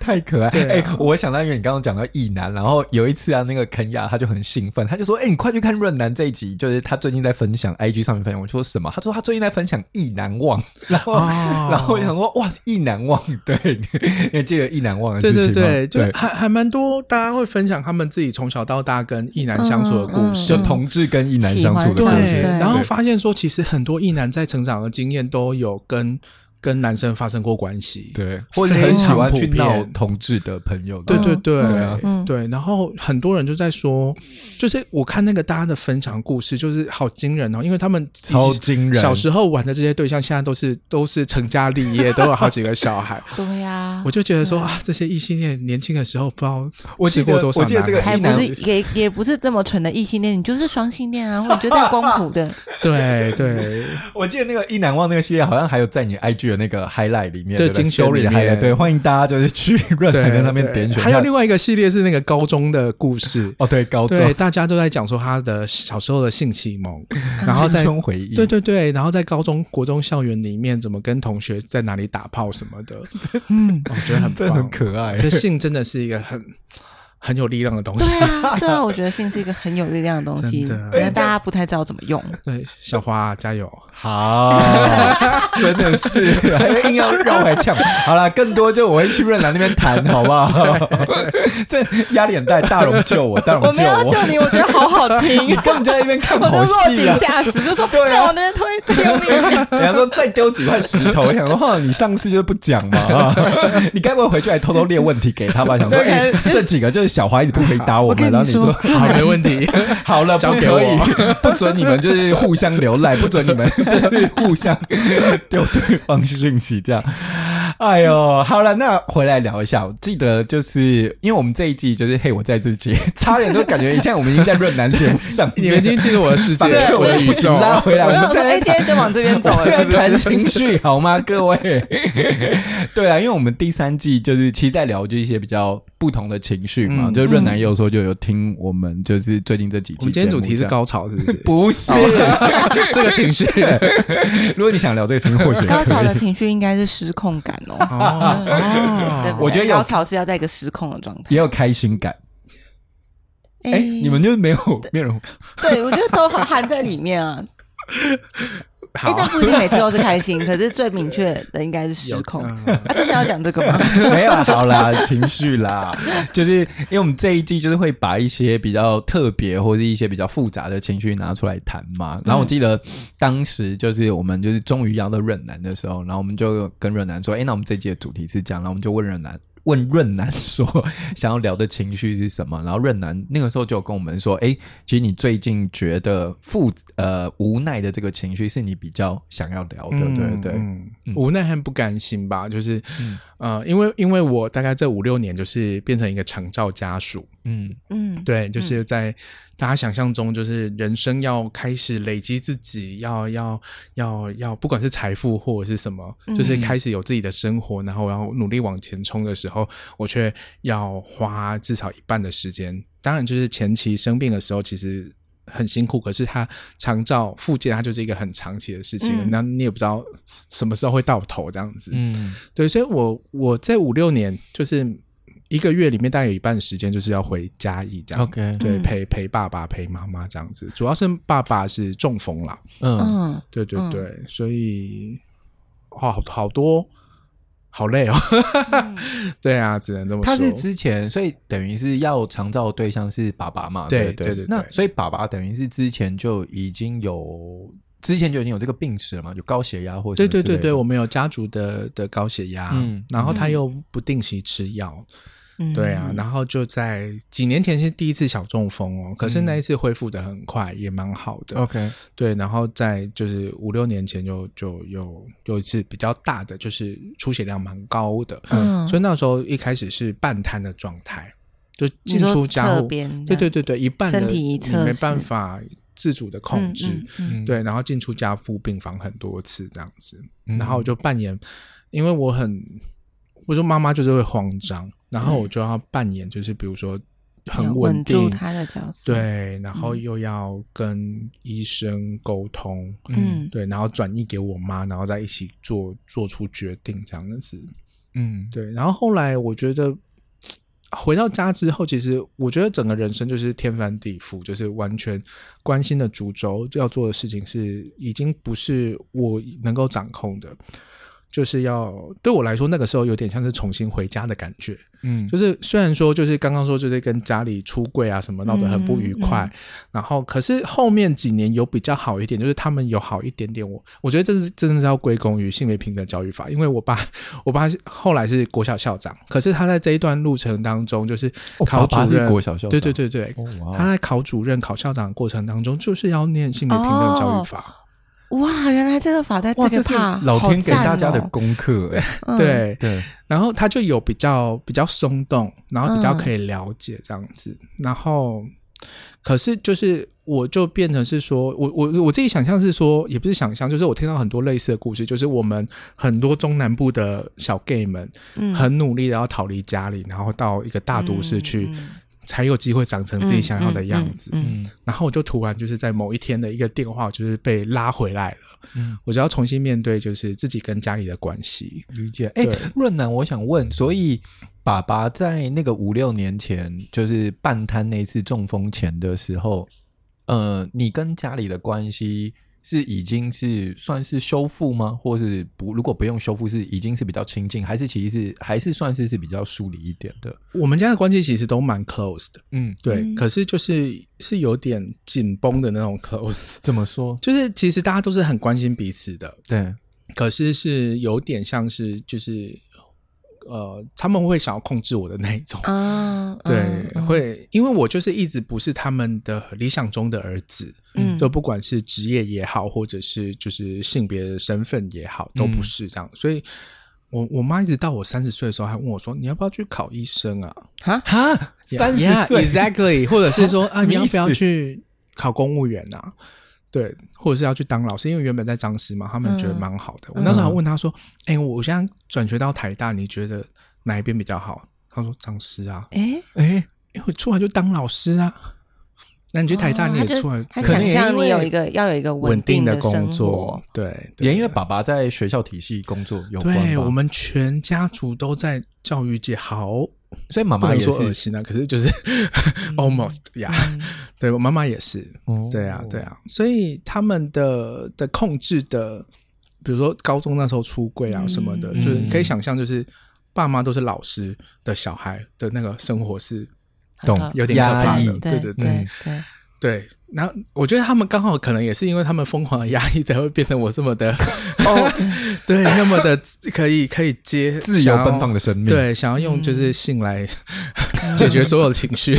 太可愛。哎、啊欸，我想到，因為你剛剛講到異男，然後有一次啊，那個肯雅他就很興奮，他就說：“哎、欸，你快去看《潤男》這一集，就是他最近在分享 IG 上面分享，我說什麼？他說他最近在分享《意難忘》，然後、哦、然後我想說，哇，《意難忘》對。”因為這個異男忘的，對對對，對就還還蠻多，對大家會分享他們自己從小到大跟異男相處的故事，嗯嗯嗯、就同志跟異男相處的故事，然後發現說，其實很多異男在成長的經驗都有跟。跟男生發生過關係，對，或者很喜歡去鬧同志的朋友，對對對，嗯對。然後很多人就在說，就是我看那個大家的分享故事，就是好驚人哦，因為他們超驚人。小時候玩的這些對象，現在都是都是成家立業，都有好幾個小孩。對呀，我就覺得說啊，這些異性戀年輕的時候不知道吃過多少男人，我記得，我記得這個，也不是也也不是這麼純的異性戀，你就是雙性戀啊，我覺得在光譜的。對對，我記得那個一難忘那個系列，好像還有在你 IG。那個 highlight 裡面，對,對的精修裡面對，對歡迎大家就是去熱海在上面點選。還有另外一個系列是那個高中的故事哦，對高中對，大家都在講說他的小時候的性啟蒙，然後在對對對，然後在高中國中校園裡面怎麼跟同學在哪裡打炮什麼的，對嗯，我、哦、覺得很棒，很可愛。這性真的是一個很。很有力量的東西。對啊，對啊，我覺得性是一個很有力量的東西，但大家不太知道怎麼用。對，小花加油，好，真的是，還硬要繞回來嗆。好了，更多就我會去潤男那邊談，好不好？這壓力很大，大龍救我，大龍救我！我沒有救你，我覺得好好聽。你根本就在一邊看好戲，我落井下石，就說再往那邊推，丟你。人家說再丟幾塊石頭，我想說，哼，你上次就不講嘛，你該不會回去還偷偷列問題給他吧？想說哎，這幾個就是。小花一直不回答我嘛，好然後你說好，嗯、沒問題， 好了，不可以，交給我，不准你們就是互相流賴，不准你們就是互相丟對方訊息，這樣。哎呦，好了，那回來聊一下。我記得就是，因為我們這一季就是 嘿，我在這集，差點都感覺像我們已經在潤男節目上，你們已經進入我的世界，我的宇宙。那回來，我，我們再今天就往這邊走了，是是，談情緒好嗎？各位， 對啊，因為我們第三季就是期待聊就一些比較。不同的情緒嘛，就潤男有時候就有聽我們，就是最近這幾天，今天主題是高潮，是不是？不是這個情緒。如果你想聊這個情緒，或許高潮的情緒應該是失控感哦。我覺得高潮是要在一個失控的狀態。也有開心感。哎，你們就沒有面容？對，我覺得都含在裡面啊。哎，但好、欸、不一定每次都是開心， 可是最明確的應該是失控。嗯啊、真的要講這個嗎？ 沒有、啊，好啦，情緒啦， 就是因為我們這一季就是會把一些比較特別或是一些比較複雜的情緒拿出來談嘛。然後我記得當時就是我們就是終於邀到潤男的時候，然後我們就跟潤男說：“哎、欸，那我們這一季的主題是這樣。”然後我們就問潤男。問潤男說，想要聊的情緒是什麼，然後潤男那個時候就有跟我們說：“哎，其實你最近覺得負呃無奈的這個情緒是你比較想要聊的，嗯、對對對，嗯、無奈和不甘心吧，就是、嗯、呃，因為因為我大概這五六年就是變成一個長照家屬，嗯嗯，嗯對，就是在。”大家想象中就是人生要開始累積自己，要要要要，不管是財富或者是什麼，嗯、就是開始有自己的生活，然後然後努力往前衝的時候，我卻要花至少一半的時間。當然，就是前期生病的時候，其實很辛苦。可是他長照復健，它就是一個很長期的事情，嗯、那你也不知道什麼時候會到頭，這樣子。嗯，對，所以我我在五六年就是。一個月裡面，大概有一半的時間就是要回家一，一樣 OK、嗯、對，陪陪爸爸、陪媽媽這樣子。主要是爸爸是中風了，嗯，對對對，嗯、所以哇，好好多，好累哦。 對啊，只能這麼說。他是之前，所以等於是要長照的對象是爸爸嘛？對，對對對。那所以爸爸等於是之前就已經有，之前就已經有這個病史了嘛？有高血壓或對對對對，我們有家族的的高血壓，嗯，然後他又不定期吃藥。嗯嗯對啊，然後就在幾年前是第一次小中風哦，嗯、可是那一次恢復的很快，嗯、也蠻好的。OK，對，然後在就是五六年前就就有有一次比較大的，就是出血量蠻高的，嗯，所以那時候一開始是半癱的狀態，就進出家邊，對對對對，一半的身體一側沒辦法自主的控制，嗯嗯嗯、對，然後進出加護病房很多次這樣子，然後我就扮演，嗯、因為我很，我說媽媽就是會慌張。然後我就要扮演，就是比如說很穩定，穩住他的角色，對，然後又要跟醫生溝通，嗯嗯，對，然後轉移給我媽，然後再一起做做出決定這樣子，嗯，對。然後後來我覺得回到家之後，其實我覺得整個人生就是天翻地覆，就是完全關心的主軸要做的事情是已經不是我能夠掌控的。就是要對我來說，那個時候有點像是重新回家的感覺。嗯，就是雖然說，就是剛剛說，就是跟家裡出櫃啊什麼鬧得很不愉快，嗯嗯、然後可是後面幾年有比較好一點，就是他們有好一點點我。我我覺得這是真的是要歸功於性別平等教育法，因為我爸我爸後來是國小校長，可是他在這一段路程當中，就是考主任、哦、爸爸是國小校長，對對對對，哦、他在考主任、考校長的過程當中，就是要念性別平等教育法。哦。哇，原來這個發帶，這個帕，老天給大家的功課，欸，嗯、對，然後它就有比較比較鬆動，然後比較可以了解這樣子，嗯、然後可是就是我就變成是說，我我我自己想象是說，也不是想象，就是我聽到很多類似的故事，就是我們很多中南部的小 gay 們，嗯，很努力的要逃離家裡，然後到一個大都市去。嗯才有機會長成自己想要的樣子。嗯，嗯嗯嗯，然後我就突然就是在某一天的一個電話，就是被拉回來了。嗯，我就要重新面對，就是自己跟家裡的關係，嗯。理解。哎，欸，潤男對，我想問，所以爸爸在那個五六年前，就是半癱那次中風前的時候，呃，你跟家裡的關係？是已經是算是修復嗎？或是不？如果不用修復，是已經是比較親近，還是其實是還是算是是比較疏離一點的？我們家的關係其實都蠻 close 的，嗯，對。嗯，可是就是是有點緊繃的那種 close。怎麼說？就是其實大家都是很關心彼此的，對。可是是有點像是就是。呃，他們會想要控制我的那一種，uh, 對，uh, uh, 會，因為我就是一直不是他們的理想中的兒子，嗯，就不管是職業也好，或者是就是性別的身份也好，都不是這樣，嗯，所以我我媽一直到我三十歲的時候還問我說，你要不要去考醫生啊？啊啊哈，三十 Yeah, 歲 yeah，exactly，或者是說 啊，你要不要去考公務員啊？對，或者是要去當老師，因為原本在彰師嘛，他們覺得蠻好的。嗯、我那時候還問他說：“哎、嗯欸，我現在轉學到台大，你覺得哪一邊比較好？”他說：“彰師啊。欸”哎哎、欸，因為出來就當老師啊，那你覺得台大你也出來，他想叫你有一個要有一個穩定的工作，的對，也因為爸爸在學校體系工作有關，有對我們全家族都在教育界好。所以媽媽也說噁心啊，可是就是 almost 呀，對我媽媽也是，哦、對啊，對啊，所以他們的的控制的，比如說高中那時候出櫃啊什麼的，嗯、就是可以想象，就是爸媽都是老師的小孩的那個生活是，懂有點壓抑、嗯嗯嗯，對對對。嗯對，然後我覺得他們剛好可能也是因為他們瘋狂的壓抑，才會變成我這麼的、哦， 對，那麼的可以可以接自由奔放的生命，對，想要用就是性來解決所有的情緒。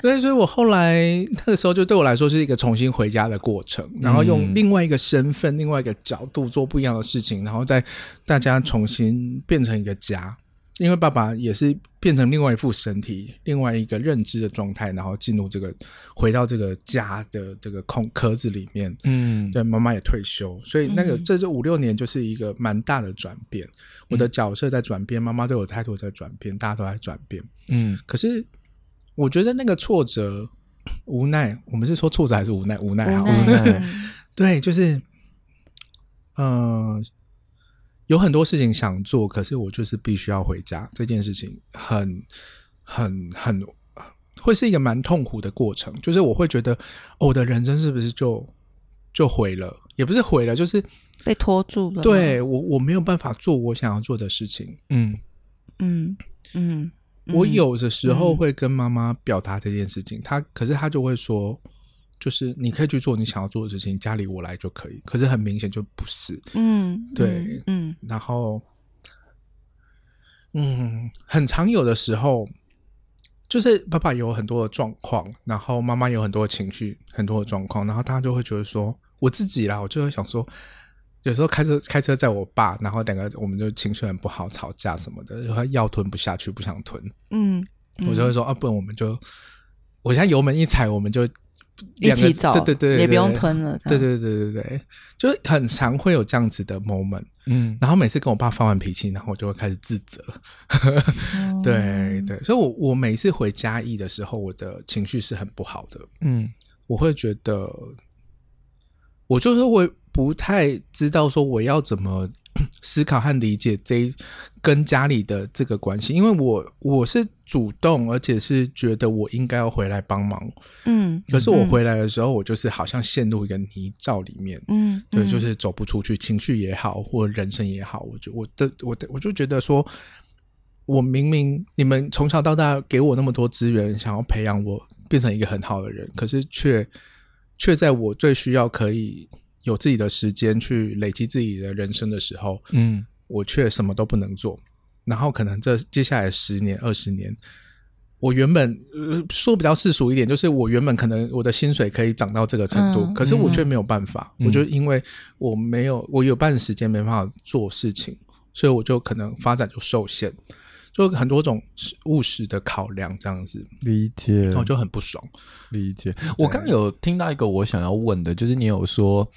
所以 所以我後來那個時候就對我來說是一個重新回家的過程，然後用另外一個身份、嗯、另外一個角度做不一樣的事情，然後再大家重新變成一個家。因為爸爸也是變成另外一副身體，另外一個認知的狀態，然後進入這個回到這個家的這個空殼子裡面。嗯，對，媽媽也退休，所以那個、嗯、這這五六年就是一個蠻大的轉變。嗯、我的角色在轉變，媽媽對我的態度在轉變，大家都在轉變。嗯，可是我覺得那個挫折、無奈，我們是說挫折還是無奈？無奈啊，無奈。 對，就是，呃。有很多事情想做，可是我就是必須要回家。這件事情很、很、很，會是一個蠻痛苦的過程。就是我會覺得，哦、我的人生是不是就就毀了？也不是毀了，就是被拖住了。對我，我沒有辦法做我想要做的事情。嗯嗯嗯，嗯嗯，我有的時候會跟媽媽表達這件事情，她、嗯、可是她就會說。就是你可以去做你想要做的事情，嗯、家裡我來就可以。可是很明顯就不是，嗯，對，嗯，然後，嗯，很常有的時候，就是爸爸有很多的狀況，然後媽媽有很多的情緒，很多的狀況，然後他就會覺得說，我自己啦，我就會想說，有時候開車開車載我爸，然後兩個我們就情緒很不好，吵架什麼的，然後，就是他要吞不下去，不想吞，嗯，嗯我就會說啊不，我們就，我現在油門一踩，我們就。一起走，對對，對對對，也不用吞了，對對對對對，就很常會有這樣子的 moment，嗯，然後每次跟我爸發完脾氣，然後我就會開始自責， 對、哦、對，所以我，我我每次回嘉義的時候，我的情緒是很不好的，嗯，我會覺得，我就是會不太知道說我要怎麼。思考和理解這跟家裡的這個關係，因為我我是主動，而且是覺得我應該要回來幫忙，嗯，可是我回來的時候，嗯，我就是好像陷入一個泥沼裡面，嗯，對，就是走不出去，嗯，情緒也好，或人生也好，我就我的我的我就覺得說，我明明你們從小到大給我那麼多資源，想要培養我變成一個很好的人，可是卻卻在我最需要可以有自己的時間去累積自己的人生的時候，嗯，我卻什麼都不能做。然後可能這接下來十年、二十年，我原本，呃，說比較世俗一點，就是我原本可能我的薪水可以漲到這個程度，嗯，可是我卻沒有辦法。嗯，我就因為我沒有，我有半時間沒辦法做事情，所以我就可能發展就受限。很多種務實的考量，這樣子，理解，然後就很不爽。理解，我剛剛有聽到一個我想要問的，對就是你有說，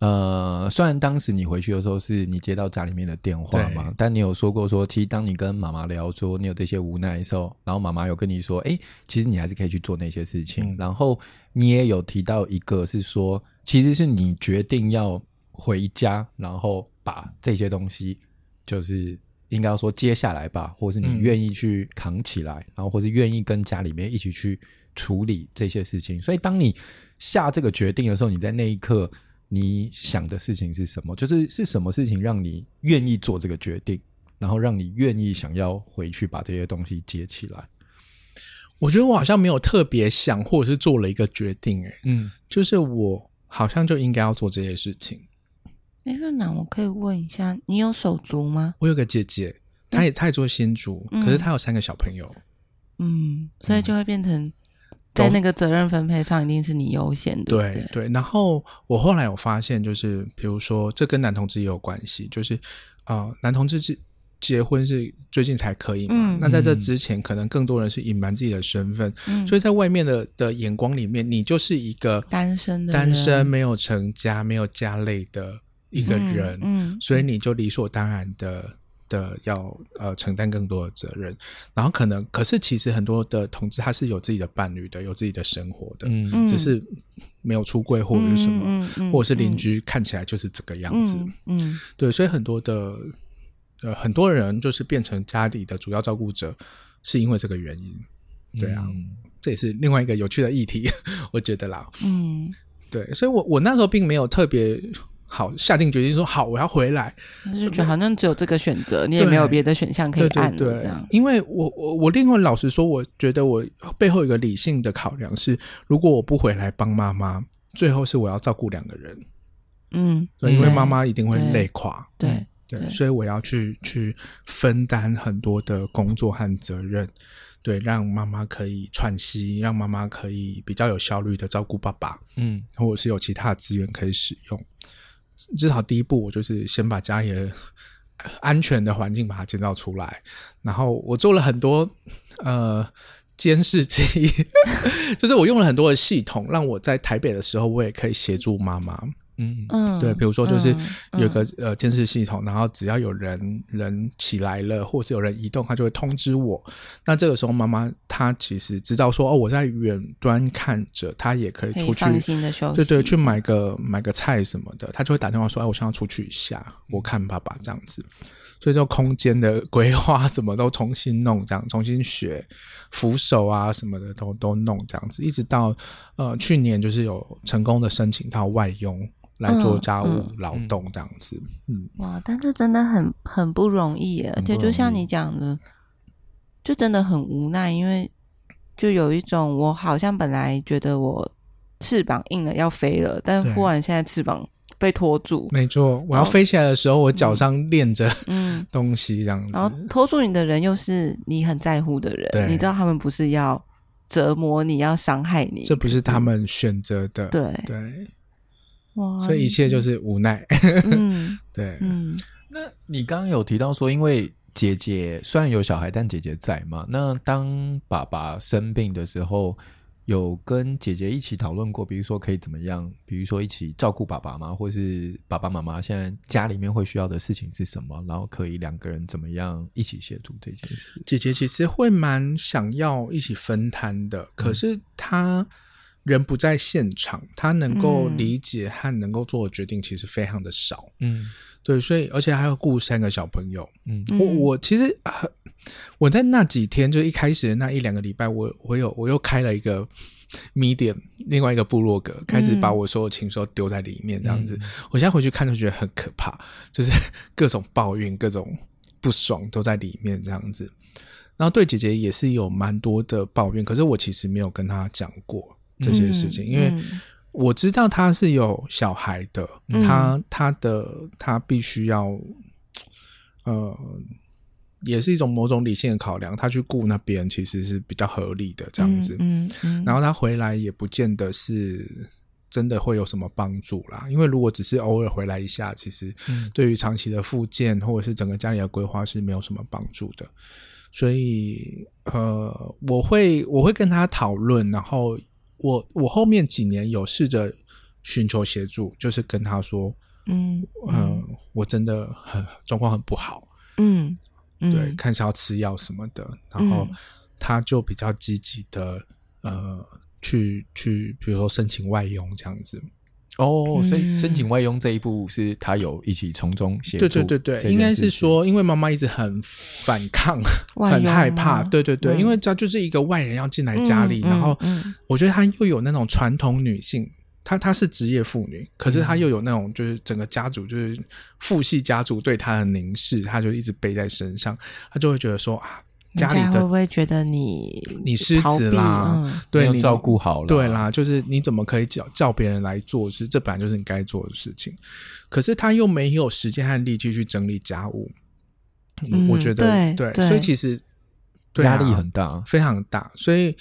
呃，雖然當時你回去的時候是你接到家裡面的電話嘛，對但你有說過說，其實當你跟媽媽聊說你有這些無奈的時候，然後媽媽有跟你說，哎、欸，其實你還是可以去做那些事情。然後你也有提到一個是說，其實是你決定要回家，然後把這些東西就是。應該要說接下來吧，或是你願意去扛起來，嗯，然後或是願意跟家裡面一起去處理這些事情。所以，當你下這個決定的時候，你在那一刻你想的事情是什麼？就是是什麼事情讓你願意做這個決定，然後讓你願意想要回去把這些東西接起來？我覺得我好像沒有特別想，或者是做了一個決定，欸，嗯，就是我好像就應該要做這些事情。哎，潤男、欸，我可以問一下，你有手足嗎？我有個姐姐，那她也她也做新主，嗯、可是她有三個小朋友。嗯，所以就會變成在那個責任分配上，一定是你優先的。對對。然後我後來有發現，就是比如說，這跟男同志也有關係，就是啊、呃，男同志結結婚是最近才可以嘛？嗯、那在這之前，嗯、可能更多人是隱瞞自己的身份，嗯、所以在外面的的眼光裡面，你就是一個單身的單身沒有成家沒有家累的。一個人，嗯嗯、所以你就理所當然的的要呃承擔更多的責任，然後可能可是其實很多的同志他是有自己的伴侶的，有自己的生活的，嗯，只是沒有出櫃或者是什麼，嗯嗯嗯、或者是鄰居看起來就是這個樣子，嗯，嗯嗯對，所以很多的呃很多人就是變成家裡的主要照顧者，是因為這個原因，對啊，嗯、這也是另外一個有趣的議題，我覺得啦，嗯，對，所以我我那時候並沒有特別。好，下定決心說好，我要回來，就覺得好像只有這個選擇，對你也沒有別的選項可以按，對，對，對，對，對，因為我我我另外老實說，我覺得我背後有一個理性的考量是，如果我不回來幫媽媽，最後是我要照顧兩個人，嗯，對因為媽媽一定會累垮，對，對，所以我要去去分擔很多的工作和責任，對，讓媽媽可以喘息，讓媽媽可以比較有效率的照顧爸爸，嗯，或者是有其他資源可以使用。至少第一步，我就是先把家裡的安全的環境把它建造出來。然後我做了很多呃監視器， 就是我用了很多的系統，讓我在台北的時候，我也可以協助媽媽。嗯嗯，對，比如說就是有個呃監視系統，嗯嗯、然後只要有人人起來了，或是有人移動，他就會通知我。那這個時候媽媽她其實知道說哦，我在遠端看着，她也可以出去，心的的對對，去買個買個菜什麼的，她就會打電話說哎，我想要出去一下，我看爸爸這樣子。所以就空間的規劃，什麼都重新弄這樣，重新學扶手啊什麼的都都弄這樣子，一直到呃去年就是有成功的申請到外傭。來做家務勞動這樣子，嗯，嗯嗯、哇！但是真的很很不，很不容易耶，而且就像你講的，就真的很無奈，因為就有一種我好像本來覺得我翅膀硬了要飛了，但忽然現在翅膀被拖住。對後沒錯，我要飛起來的時候，後我腳上鏈着、嗯、東西這樣子。然後拖住你的人又是你很在乎的人，對你知道他們不是要折磨你，要傷害你，這不是他們選擇的。對、嗯、對。對哇所以一切就是無奈。嗯、 對，嗯、那你剛剛有提到說，因為姐姐雖然有小孩，但姐姐在嘛？那當爸爸生病的時候，有跟姐姐一起討論過，比如說可以怎麼樣？比如說一起照顧爸爸嗎？或是爸爸媽媽現在家裡面會需要的事情是什麼？然後可以兩個人怎麼樣一起協助這件事？姐姐其實會蠻想要一起分攤的，嗯、可是她。人不在現場，他能夠理解和能夠做的決定，其實非常的少。嗯，對，所以而且還要雇三個小朋友。嗯，我我其實、呃，我在那幾天就一開始那一兩個禮拜，我我有我又開了一個 medium，另外一個部落格，開始把我所有情緒丟在裡面這樣子。嗯、我現在回去看就覺得很可怕，就是各種抱怨、各種不爽都在裡面這樣子。然後對姐姐也是有蠻多的抱怨，可是我其實沒有跟她講過這些事情，因為我知道他是有小孩的，嗯、他他的他必須要，呃，也是一種某種理性的考量，他去顧那邊其實是比較合理的這樣子。嗯嗯嗯、然後他回來也不見得是真的會有什麼幫助啦，因為如果只是偶爾回來一下，其實對於長期的復健或者是整個家裡的規劃是沒有什麼幫助的。所以，呃，我會我會跟他討論，然後。我我後面幾年有試着尋求協助，就是跟他說，嗯嗯，嗯，我真的很狀況很不好，嗯嗯，嗯對，看是要吃藥什麼的，然後他就比較積極的，呃，去去，比如說申請外傭這樣子。哦，所以申請外傭這一步是他有一起從中協助，嗯。對對對對，應該是說，因為媽媽一直很反抗、很害怕。對對對，嗯、因為他就是一個外人要進來家裡，嗯嗯嗯、然後我覺得他又有那種傳統女性，她她是職業婦女，可是她又有那種就是整個家族就是父系家族對她的凝視，她就一直背在身上，她就會覺得說啊。家裡會不會覺得你你失職啦？對，照顧好了，對啦，就是你怎麼可以叫叫別人來做事，這本來就是你該做的事情，可是他又沒有時間和力氣去整理家務。我覺得對，所以其實壓力很大，非常大。所以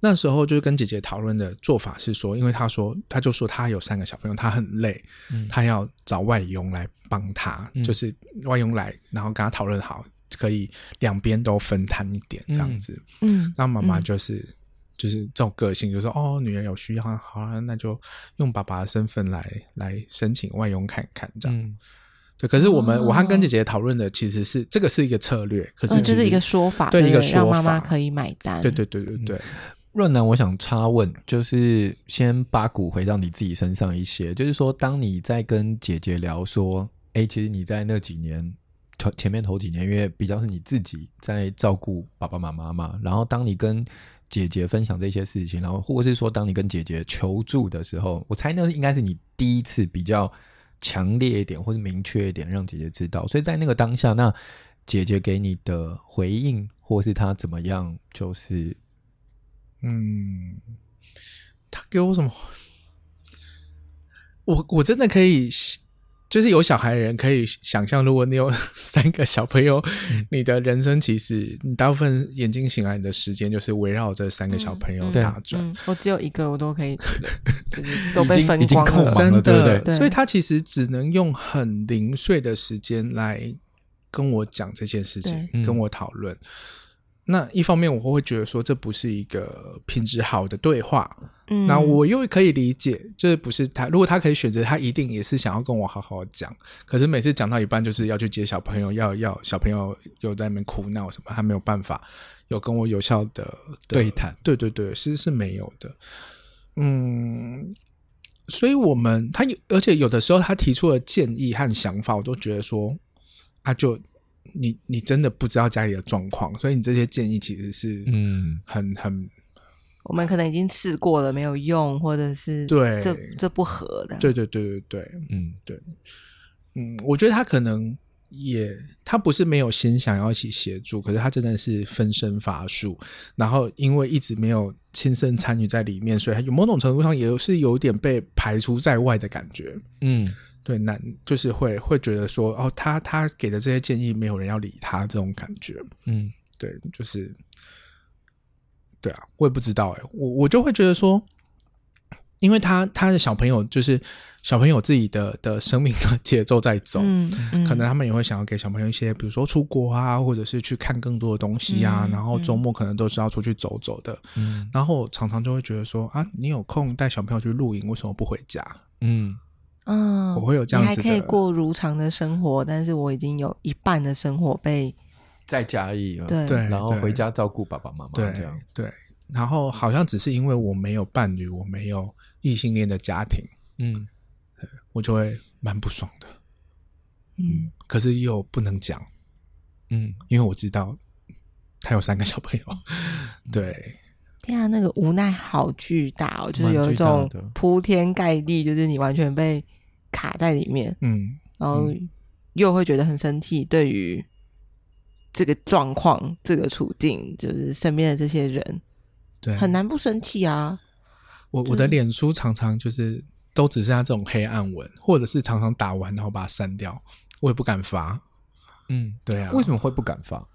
那時候就是跟姐姐討論的做法是說，因為她說她就說她有三個小朋友，她很累，她要找外傭來幫她，就是外傭來，然後跟她討論好。可以兩邊都分攤一點這樣子，嗯，那媽媽就是、嗯、就是這種個性，就是說、嗯、哦，女人有需要，好、啊，那就用爸爸的身份來來申請外傭看看這樣。嗯、對，可是我們、哦、我跟跟姐姐討論的其實是這個是一個策略，可是只、哦就是一個說法，對，對一個說法，媽媽可以買單。對對對對對。潤男、嗯，對我想插問，就是先把骨回到你自己身上一些，就是說，當你在跟姐姐聊說，哎、欸，其實你在那幾年。前前面頭幾年，因為比較是你自己在照顧爸爸媽媽嘛，然後當你跟姐姐分享這些事情，然後或者是說當你跟姐姐求助的時候，我猜那應該是你第一次比較強烈一點或者明確一點，讓姐姐知道。所以在那個當下，那姐姐給你的回應，或是她怎麼樣，就是嗯，她給我什麼？我我真的可以。就是有小孩的人可以想象如果你有三個小朋友，你的人生其實你大部分眼睛醒來，你的時間就是圍繞着三個小朋友打轉。嗯嗯嗯。我只有一個，我都可以， 都被分光了，真的。所以他其實只能用很零碎的時間來跟我講這件事情，對跟我討論。嗯、那一方面，我會覺得說這不是一個品質好的對話。那我又可以理解，就是不是他。如果他可以選擇，他一定也是想要跟我好好講。可是每次講到一半，就是要去接小朋友，要要小朋友有在那邊哭鬧什麼，他沒有辦法有跟我有效的，的對談。對對對，其實是沒有的。嗯，所以，我們他有，而且有的時候他提出的建議和想法，我都覺得說，他，啊，就你你真的不知道家裡的狀況，所以你這些建議其實是嗯，很很。我們可能已經試過了，沒有用，或者是這對這這不合的。對對對對對，嗯對，嗯，我覺得他可能也他不是沒有心想要一起協助，可是他真的是分身乏術，然後因為一直沒有親身參與在裡面，所以他某種程度上也是有點被排除在外的感覺。嗯，對，難就是會會覺得說，哦，他他給的這些建議沒有人要理他這種感覺。嗯，對，就是。對啊，我也不知道哎、欸，我我就會覺得說，因為他他的小朋友就是小朋友自己的的生命的節奏在走，嗯，嗯。可能他們也會想要給小朋友一些，比如說出國啊，或者是去看更多的東西啊，嗯、然後周末可能都是要出去走走的，嗯，然後常常就會覺得說啊，你有空帶小朋友去露營，為什麼不回家？嗯啊，我會有這樣子的，你還可以過如常的生活，但是我已經有一半的生活被。在家而已，對，然後回家照顧爸爸媽媽，這樣對，對，對，然後好像只是因為我沒有伴侶，我沒有異性戀的家庭，嗯，我就會蠻不爽的，嗯，可是，又不能講，嗯，因為我知道他有三個小朋友，嗯、對，天啊，那個無奈好巨大哦，就是有一種鋪天蓋地，就是你完全被卡在裡面，嗯，然後又會覺得很生氣，對於。這個狀況，這個處境，就是身邊的這些人，對，很難不生氣啊。我我的臉書常常就是都只剩下這種黑暗文，或者是常常打完然後把它刪掉，我也不敢發。嗯，對啊。為什麼會不敢發？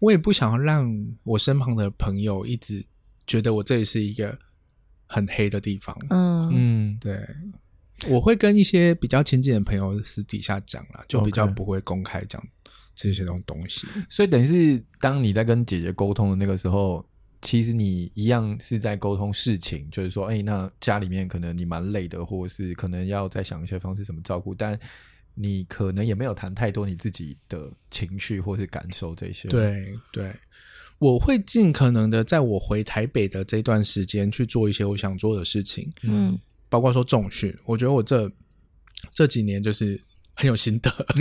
我也不想要讓我身旁的朋友一直覺得我這裡是一個很黑的地方。嗯嗯，對。我會跟一些比較親近的朋友私底下講啦，就比較不會公開講。Okay. 這些這種東西，所以等於是當你在跟姐姐溝通的那個時候，其實你一樣是在溝通事情，就是說，哎，那家裡面可能你蠻累的，或者是可能要再想一些方式怎麼照顧，但你可能也沒有談太多你自己的情緒或是感受這些。對對，我會盡可能的在我回台北的這段時間去做一些我想做的事情，嗯，包括說重訓，我覺得我這這幾年就是。很有心得，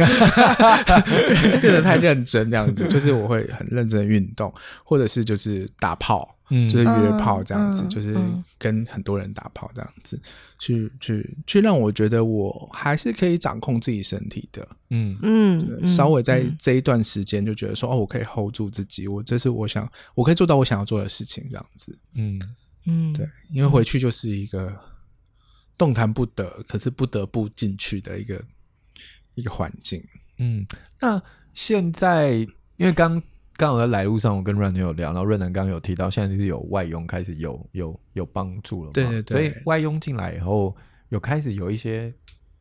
變得太認真這樣子，就是我會很認真的運動，或者是就是打炮，嗯、就是約炮這樣子，嗯、就是跟很多人打炮這樣子，嗯、去去去讓我覺得我還是可以掌控自己身體的，嗯嗯，稍微在這一段時間就覺得說、嗯、哦，我可以 hold 住自己，我這是我想我可以做到我想要做的事情這樣子，嗯嗯，對，嗯、因為回去就是一個動彈不得，可是不得不進去的一個。一個環境，嗯，那現在因為剛剛我在來路上，我跟潤男有聊，然後潤男剛剛有提到，現在就是有外傭開始有有有幫助了，對對對，所以外傭進來以後，有開始有一些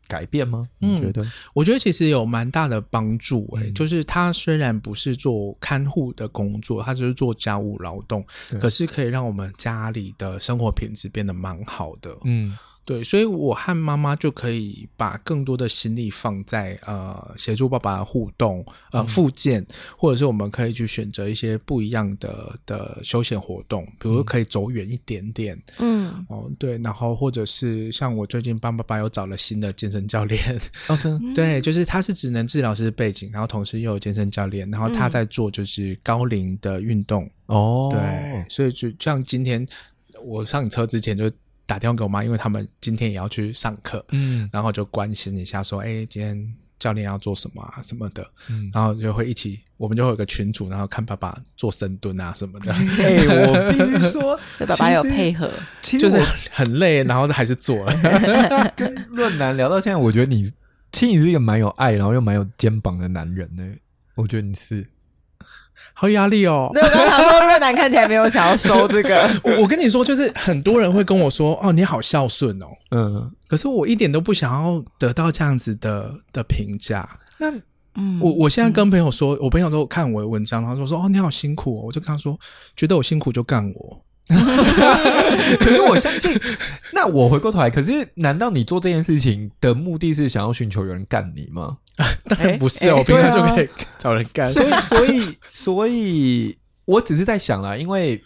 改變嗎？嗯、你覺得？我覺得其實有蠻大的幫助，欸，哎、嗯，就是他雖然不是做看護的工作，他只是做家務勞動，對可是可以讓我們家裡的生活品質變得蠻好的，嗯。對，所以我和媽媽就可以把更多的心力放在呃協助爸爸的互動，嗯、呃復健，或者是我們可以去選擇一些不一樣的的休閒活動，比如說可以走遠一點點，嗯，哦對，然後或者是像我最近幫爸爸又找了新的健身教練，嗯、 對，就是他是職能治療師的背景，然後同時又有健身教練，然後他在做就是高齡的運動哦，嗯、對，所以就像今天我上車之前就。打電話給我媽，因為他們今天也要去上課，嗯，然後就關心一下，說，哎、欸，今天教練要做什麼啊，什麼的，嗯，然後就會一起，我們就會有個群組，然後看爸爸做深蹲啊什麼的。哎、欸，我必須說，爸爸有配合，就是很累，然後還是做了。 跟潤男聊到現在，我覺得你，其實你是一個蠻有愛，然後又蠻有肩膀的男人呢、欸，我覺得你是。好有壓力哦！那我剛剛說，潤男看起來沒有想要說這個。我我跟你說，就是很多人會跟我說，哦，你好孝順哦，嗯，可是我一點都不想要得到這樣子的的評價。那，我我現在跟朋友說，嗯、我朋友都看我的文章，然後說說，哦，你好辛苦哦，我就跟他說，覺得我辛苦就幹我。 可是我相信，那我回過頭來，可是難道你做這件事情的目的是想要尋求有人幹你嗎？當然不是哦，欸欸啊、平常就可以找人幹。所以，所以，所以我只是在想啦，因為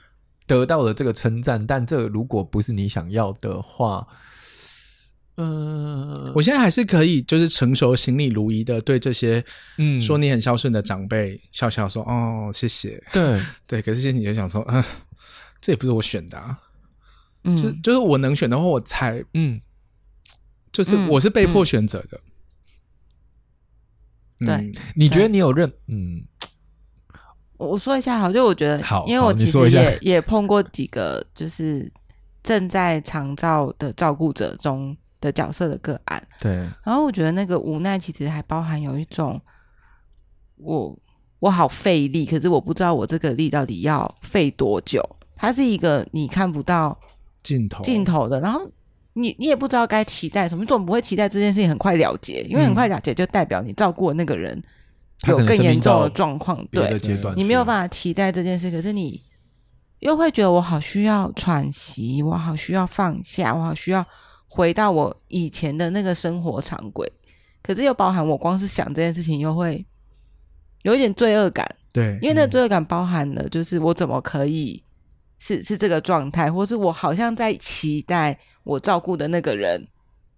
得到了這個稱讚，但這如果不是你想要的話，嗯、呃，我現在還是可以就是成熟、行禮如儀的對這些嗯說你很孝順的長輩、嗯、笑笑說哦謝謝，對對，可是其實你就想說嗯。這也不是我選的啊，嗯、就就是我能選的話我猜，我才嗯，就是我是被迫選擇的。嗯嗯、對，你覺得你有任嗯？我說一下好，就我覺得，好，因為我其實也也碰過幾個就是正在長照的照顧者中的角色的個案，對。然後我覺得那個無奈其實還包含有一種我，我我好費力，可是我不知道我這個力到底要費多久。它是一個你看不到盡頭盡頭的，然後你你也不知道該期待什麼，你總不會期待這件事情很快了結，因為很快了結就代表你照顧那個人有更嚴重的狀況，對，你沒有辦法期待這件事，可是你又會覺得我好需要喘息，我好需要放下，我好需要回到我以前的那個生活常規，可是又包含我光是想這件事情又會有一點罪惡感，對，因為那個罪惡感包含了就是我怎麼可以。是是這個狀態，或是我好像在期待我照顧的那個人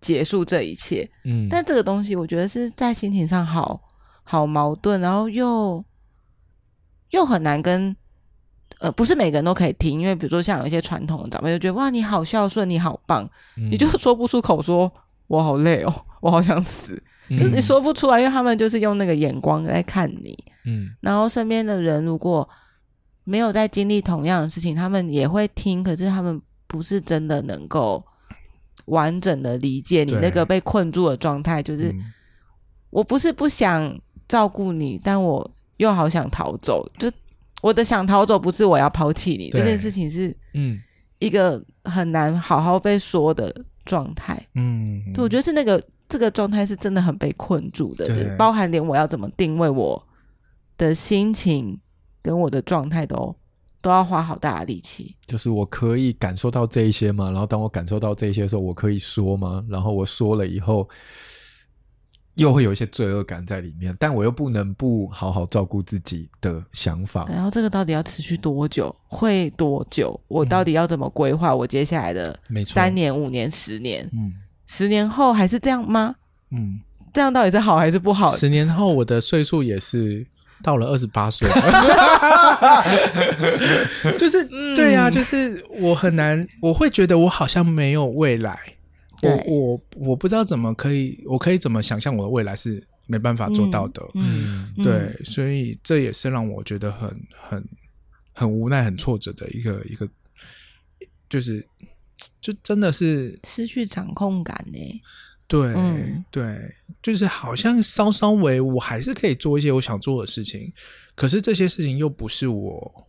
結束這一切。嗯，但這個東西我覺得是在心情上好好矛盾，然後又又很難跟呃，不是每個人都可以聽，因為比如說像有一些傳統的長輩就覺得哇，你好孝順，你好棒，嗯、你就說不出口說，說我好累哦，我好想死，嗯、就你說不出來，因為他們就是用那個眼光來看你。嗯，然後身邊的人如果。沒有在經歷同樣的事情，他們也會聽，可是他們不是真的能夠完整的理解你那個被困住的狀態。對就是、嗯、我不是不想照顧你，但我又好想逃走。就我的想逃走，不是我要拋棄你對這件事情是，嗯，一個很難好好被說的狀態。嗯，嗯，嗯，我覺得是那個這個狀態是真的很被困住的對、就是，包含連我要怎麼定位我的心情。跟我的狀態都都要花好大的力氣，就是我可以感受到這一些嗎？然後當我感受到這一些的時候，我可以說嗎？然後我說了以後，又會有一些罪惡感在裡面，嗯、但我又不能不好好照顧自己的想法。然後這個到底要持續多久？會多久？我到底要怎麼規劃我接下來的三年、五、嗯、年、十年？嗯，十年後還是這樣嗎？嗯，這樣到底是好還是不好？十年後我的歲數也是。到了二十八歲，就是對呀、啊，就是我很難，我會覺得我好像沒有未來，對我我我不知道怎麼可以，我可以怎麼想象我的未來是沒辦法做到的，嗯，嗯對，嗯、所以這也是讓我覺得很很很無奈、很挫折的一個一個，就是就真的是失去掌控感呢。對、嗯、對，就是好像稍稍微，我還是可以做一些我想做的事情，可是這些事情又不是我，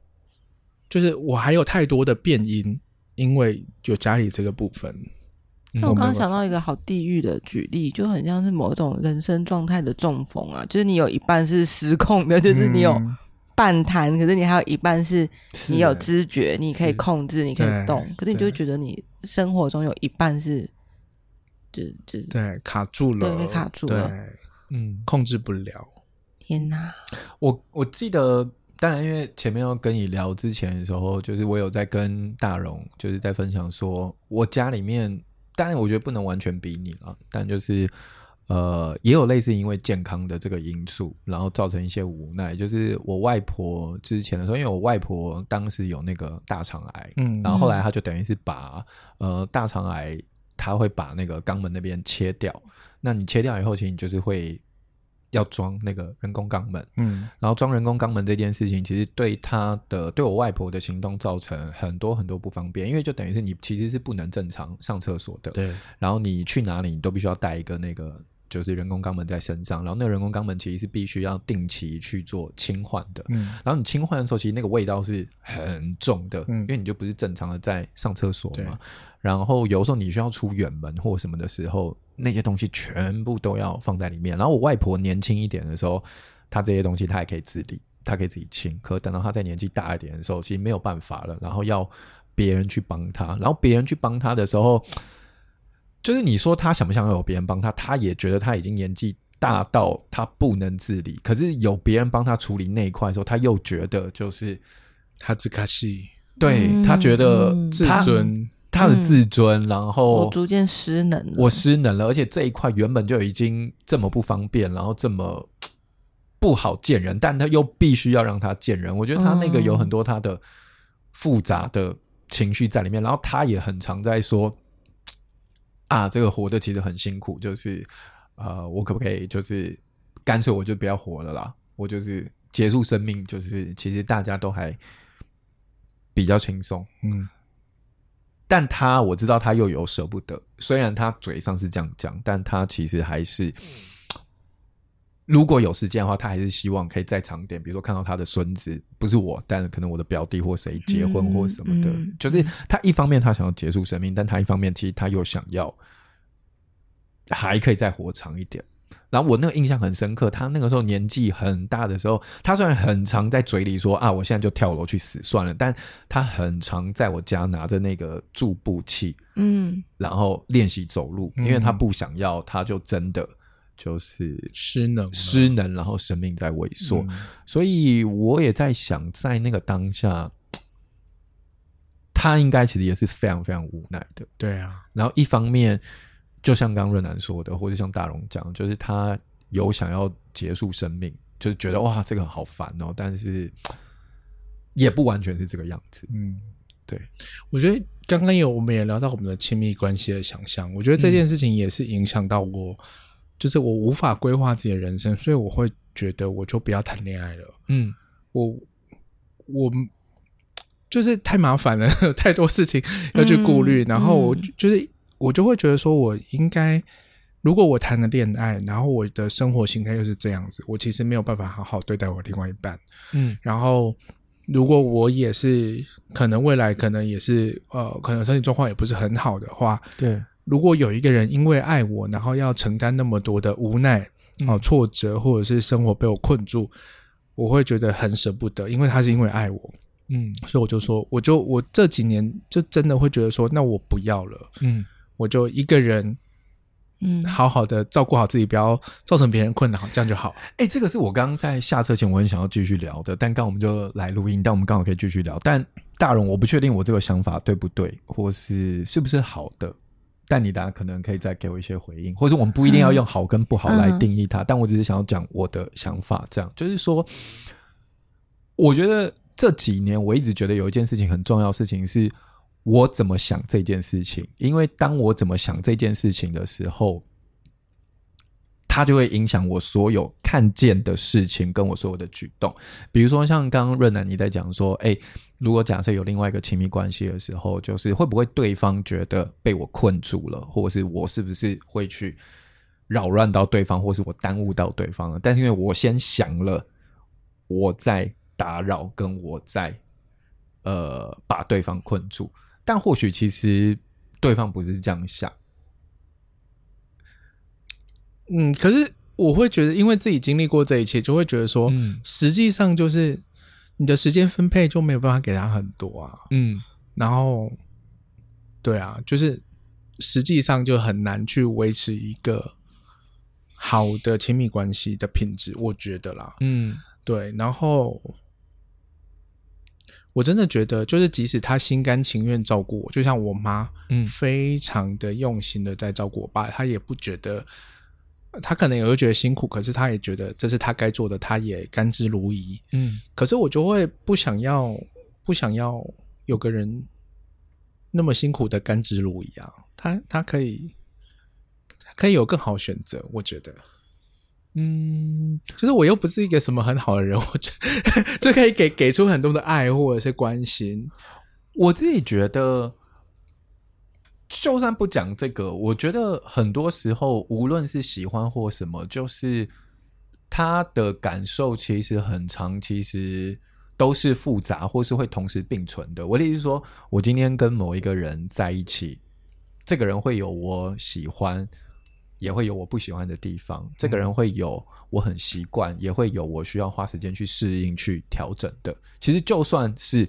就是我還有太多的變因，因為有家裡這個部分。那我剛剛想到一個好地獄的舉例，就很像是某種人生狀態的中風啊，就是你有一半是失控的，就是你有半癱，可、嗯、是你還有,有一半是你有知覺，欸、你可以控制，是你可以動，對可是你就會覺得你生活中有一半是。對卡住了，對，被卡住了，對。嗯，控制不了。天哪，啊！我我記得，當然，因為前面要跟你聊之前的時候，就是我有在跟大榮就是在分享說，說我家裡面，當然我覺得不能完全比你了，但就是呃，也有類似因為健康的這個因素，然後造成一些無奈。就是我外婆之前的時候，因為我外婆當時有那個大腸癌，嗯、然後後來她就等於是把、嗯、呃大腸癌。他會把那個肛門那邊切掉，那你切掉以後，其實你就是會要裝那個人工肛門，嗯，然後裝人工肛門這件事情，其實對他的，對我外婆的行動造成很多很多不方便，因為就等於是你其實是不能正常上廁所的，對，然後你去哪裡你都必須要帶一個那個。就是人工肛門在身上，然後那個人工肛門其實是必須要定期去做清換的。嗯，然後你清換的時候，其實那個味道是很重的。嗯，因為你就不是正常的在上廁所嘛。對然後有時候你需要出遠門或什麼的時候，那些東西全部都要放在裡面。然後我外婆年輕一點的時候，她這些東西她還可以自理，她可以自己清。可等到她在年紀大一點的時候，其實沒有辦法了，然後要別人去幫她。然後別人去幫她的時候。嗯就是你說他想不想要有別人幫他，他也覺得他已經年紀大到他不能自理。可是有別人幫他處理那一塊的時候，他又覺得就是他自個對、嗯、他覺得自尊，他的自尊，然後我逐漸失能，我失能了，而且這一塊原本就已經這麼不方便，然後這麼不好見人，但他又必須要讓他見人。我覺得他那個有很多他的複雜的情緒在裡面，嗯、然後他也很常在說。啊，這個活着其實很辛苦，就是，呃，我可不可以就是乾脆我就不要活了啦？我就是結束生命，就是其實大家都還比較輕鬆，嗯。但他我知道他又有捨不得，雖然他嘴上是這樣講，但他其實還是、嗯。如果有時間的話，他還是希望可以再長一點，比如說看到他的孫子，不是我，但可能我的表弟或誰結婚或什麼的，嗯嗯、就是他一方面他想要結束生命，但他一方面其實他又想要還可以再活長一點。然後我那個印象很深刻，他那個時候年紀很大的時候，他雖然很常在嘴裡說啊，我現在就跳樓去死算了，但他很常在我家拿着那個助步器，嗯，然後練習走路，嗯、因為他不想要，他就真的。就是失能，失能，然後生命在萎縮，嗯、所以我也在想，在那個當下，他應該其實也是非常非常無奈的，對啊。然後一方面，就像剛潤男說的，或者像大龍講，就是他有想要結束生命，就是覺得哇，這個很好煩哦、喔。但是也不完全是這個樣子，嗯，對。我覺得剛剛有我們也聊到我們的親密關係的想象，我覺得這件事情也是影響到我、嗯。就是我無法規劃自己的人生，所以我會覺得我就不要談戀愛了。嗯，我我就是太麻煩了， 太多事情要去顧慮，嗯、然後我就是、嗯、我，我就會覺得說我應該，如果我談了戀愛，然後我的生活形態又是這樣子，我其實沒有辦法好好對待我另外一半。嗯，然後如果我也是可能未來可能也是呃，可能身體狀況也不是很好的話，對。如果有一個人因為愛我，然後要承擔那麼多的無奈、哦、嗯呃、挫折，或者是生活被我困住，我會覺得很捨不得，因為他是因為愛我，嗯，所以我就說，我就我這幾年就真的會覺得說，那我不要了，嗯，我就一個人，嗯，好好的照顧好自己，嗯、不要造成別人困難，好，這樣就好。哎，這個是我剛剛在下車前我很想要繼續聊的，但剛我們就來錄音，但我們剛好可以繼續聊。但大榮，我不確定我這個想法對不對，或是是不是好的。但你大家可能可以再給我一些回應，或是我們不一定要用好跟不好來定義它。嗯嗯、但我只是想要講我的想法，這樣就是說，我覺得這幾年我一直覺得有一件事情很重要，事情是我怎麼想這件事情，因為當我怎麼想這件事情的時候。他就會影響我所有看見的事情，跟我所有的舉動。比如說，像剛剛潤男你在講說，誒、欸，如果假設有另外一個親密關係的時候，就是會不會對方覺得被我困住了，或是我是不是會去擾亂到對方，或是我耽誤到對方了？但是因為我先想了，我在打擾，跟我在呃把對方困住，但或許其實對方不是這樣想。嗯，可是我會覺得，因為自己經歷過這一切，就會覺得說，嗯，實際上就是你的時間分配就沒有辦法給他很多啊。嗯，然後，對啊，就是實際上就很難去維持一個好的親密關係的品質，我覺得啦。嗯，對。然後我真的覺得，就是即使他心甘情願照顧我，就像我媽，嗯，非常的用心的在照顧我爸，嗯，他也不覺得。他可能也會覺得辛苦，可是他也覺得這是他該做的，他也甘之如飴。嗯，可是我就會不想要，不想要有個人那麼辛苦的甘之如飴啊！他他可以，他可以有更好選擇。我覺得，嗯，就是我又不是一個什麼很好的人，我覺得這 可以給給出很多的愛或者是關心。我自己覺得。就算不講這個，我覺得很多時候，無論是喜歡或什麼，就是他的感受其實很常，其實都是複雜或是會同時並存的。我的意思是說，我今天跟某一個人在一起，這個人會有我喜歡，也會有我不喜歡的地方；這個人會有我很習慣，也會有我需要花時間去適應、去調整的。其實就算是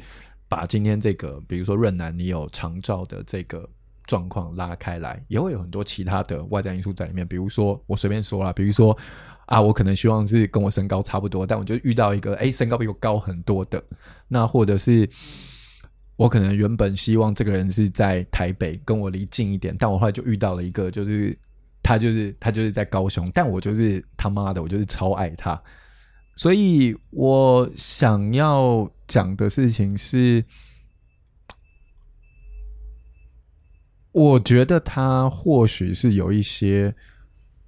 把今天這個，比如說潤男，你有長照的這個。狀況拉開來，也會有很多其他的外在因素在裡面。比如說，我隨便說啦，比如說啊，我可能希望是跟我身高差不多，但我就遇到一個，誒、欸、身高比我高很多的。那或者是我可能原本希望這個人是在台北，跟我離近一點，但我後來就遇到了一個，就是他就是他就是在高雄，但我就是他媽的，我就是超愛他。所以我想要講的事情是，我覺得他或許是有一些，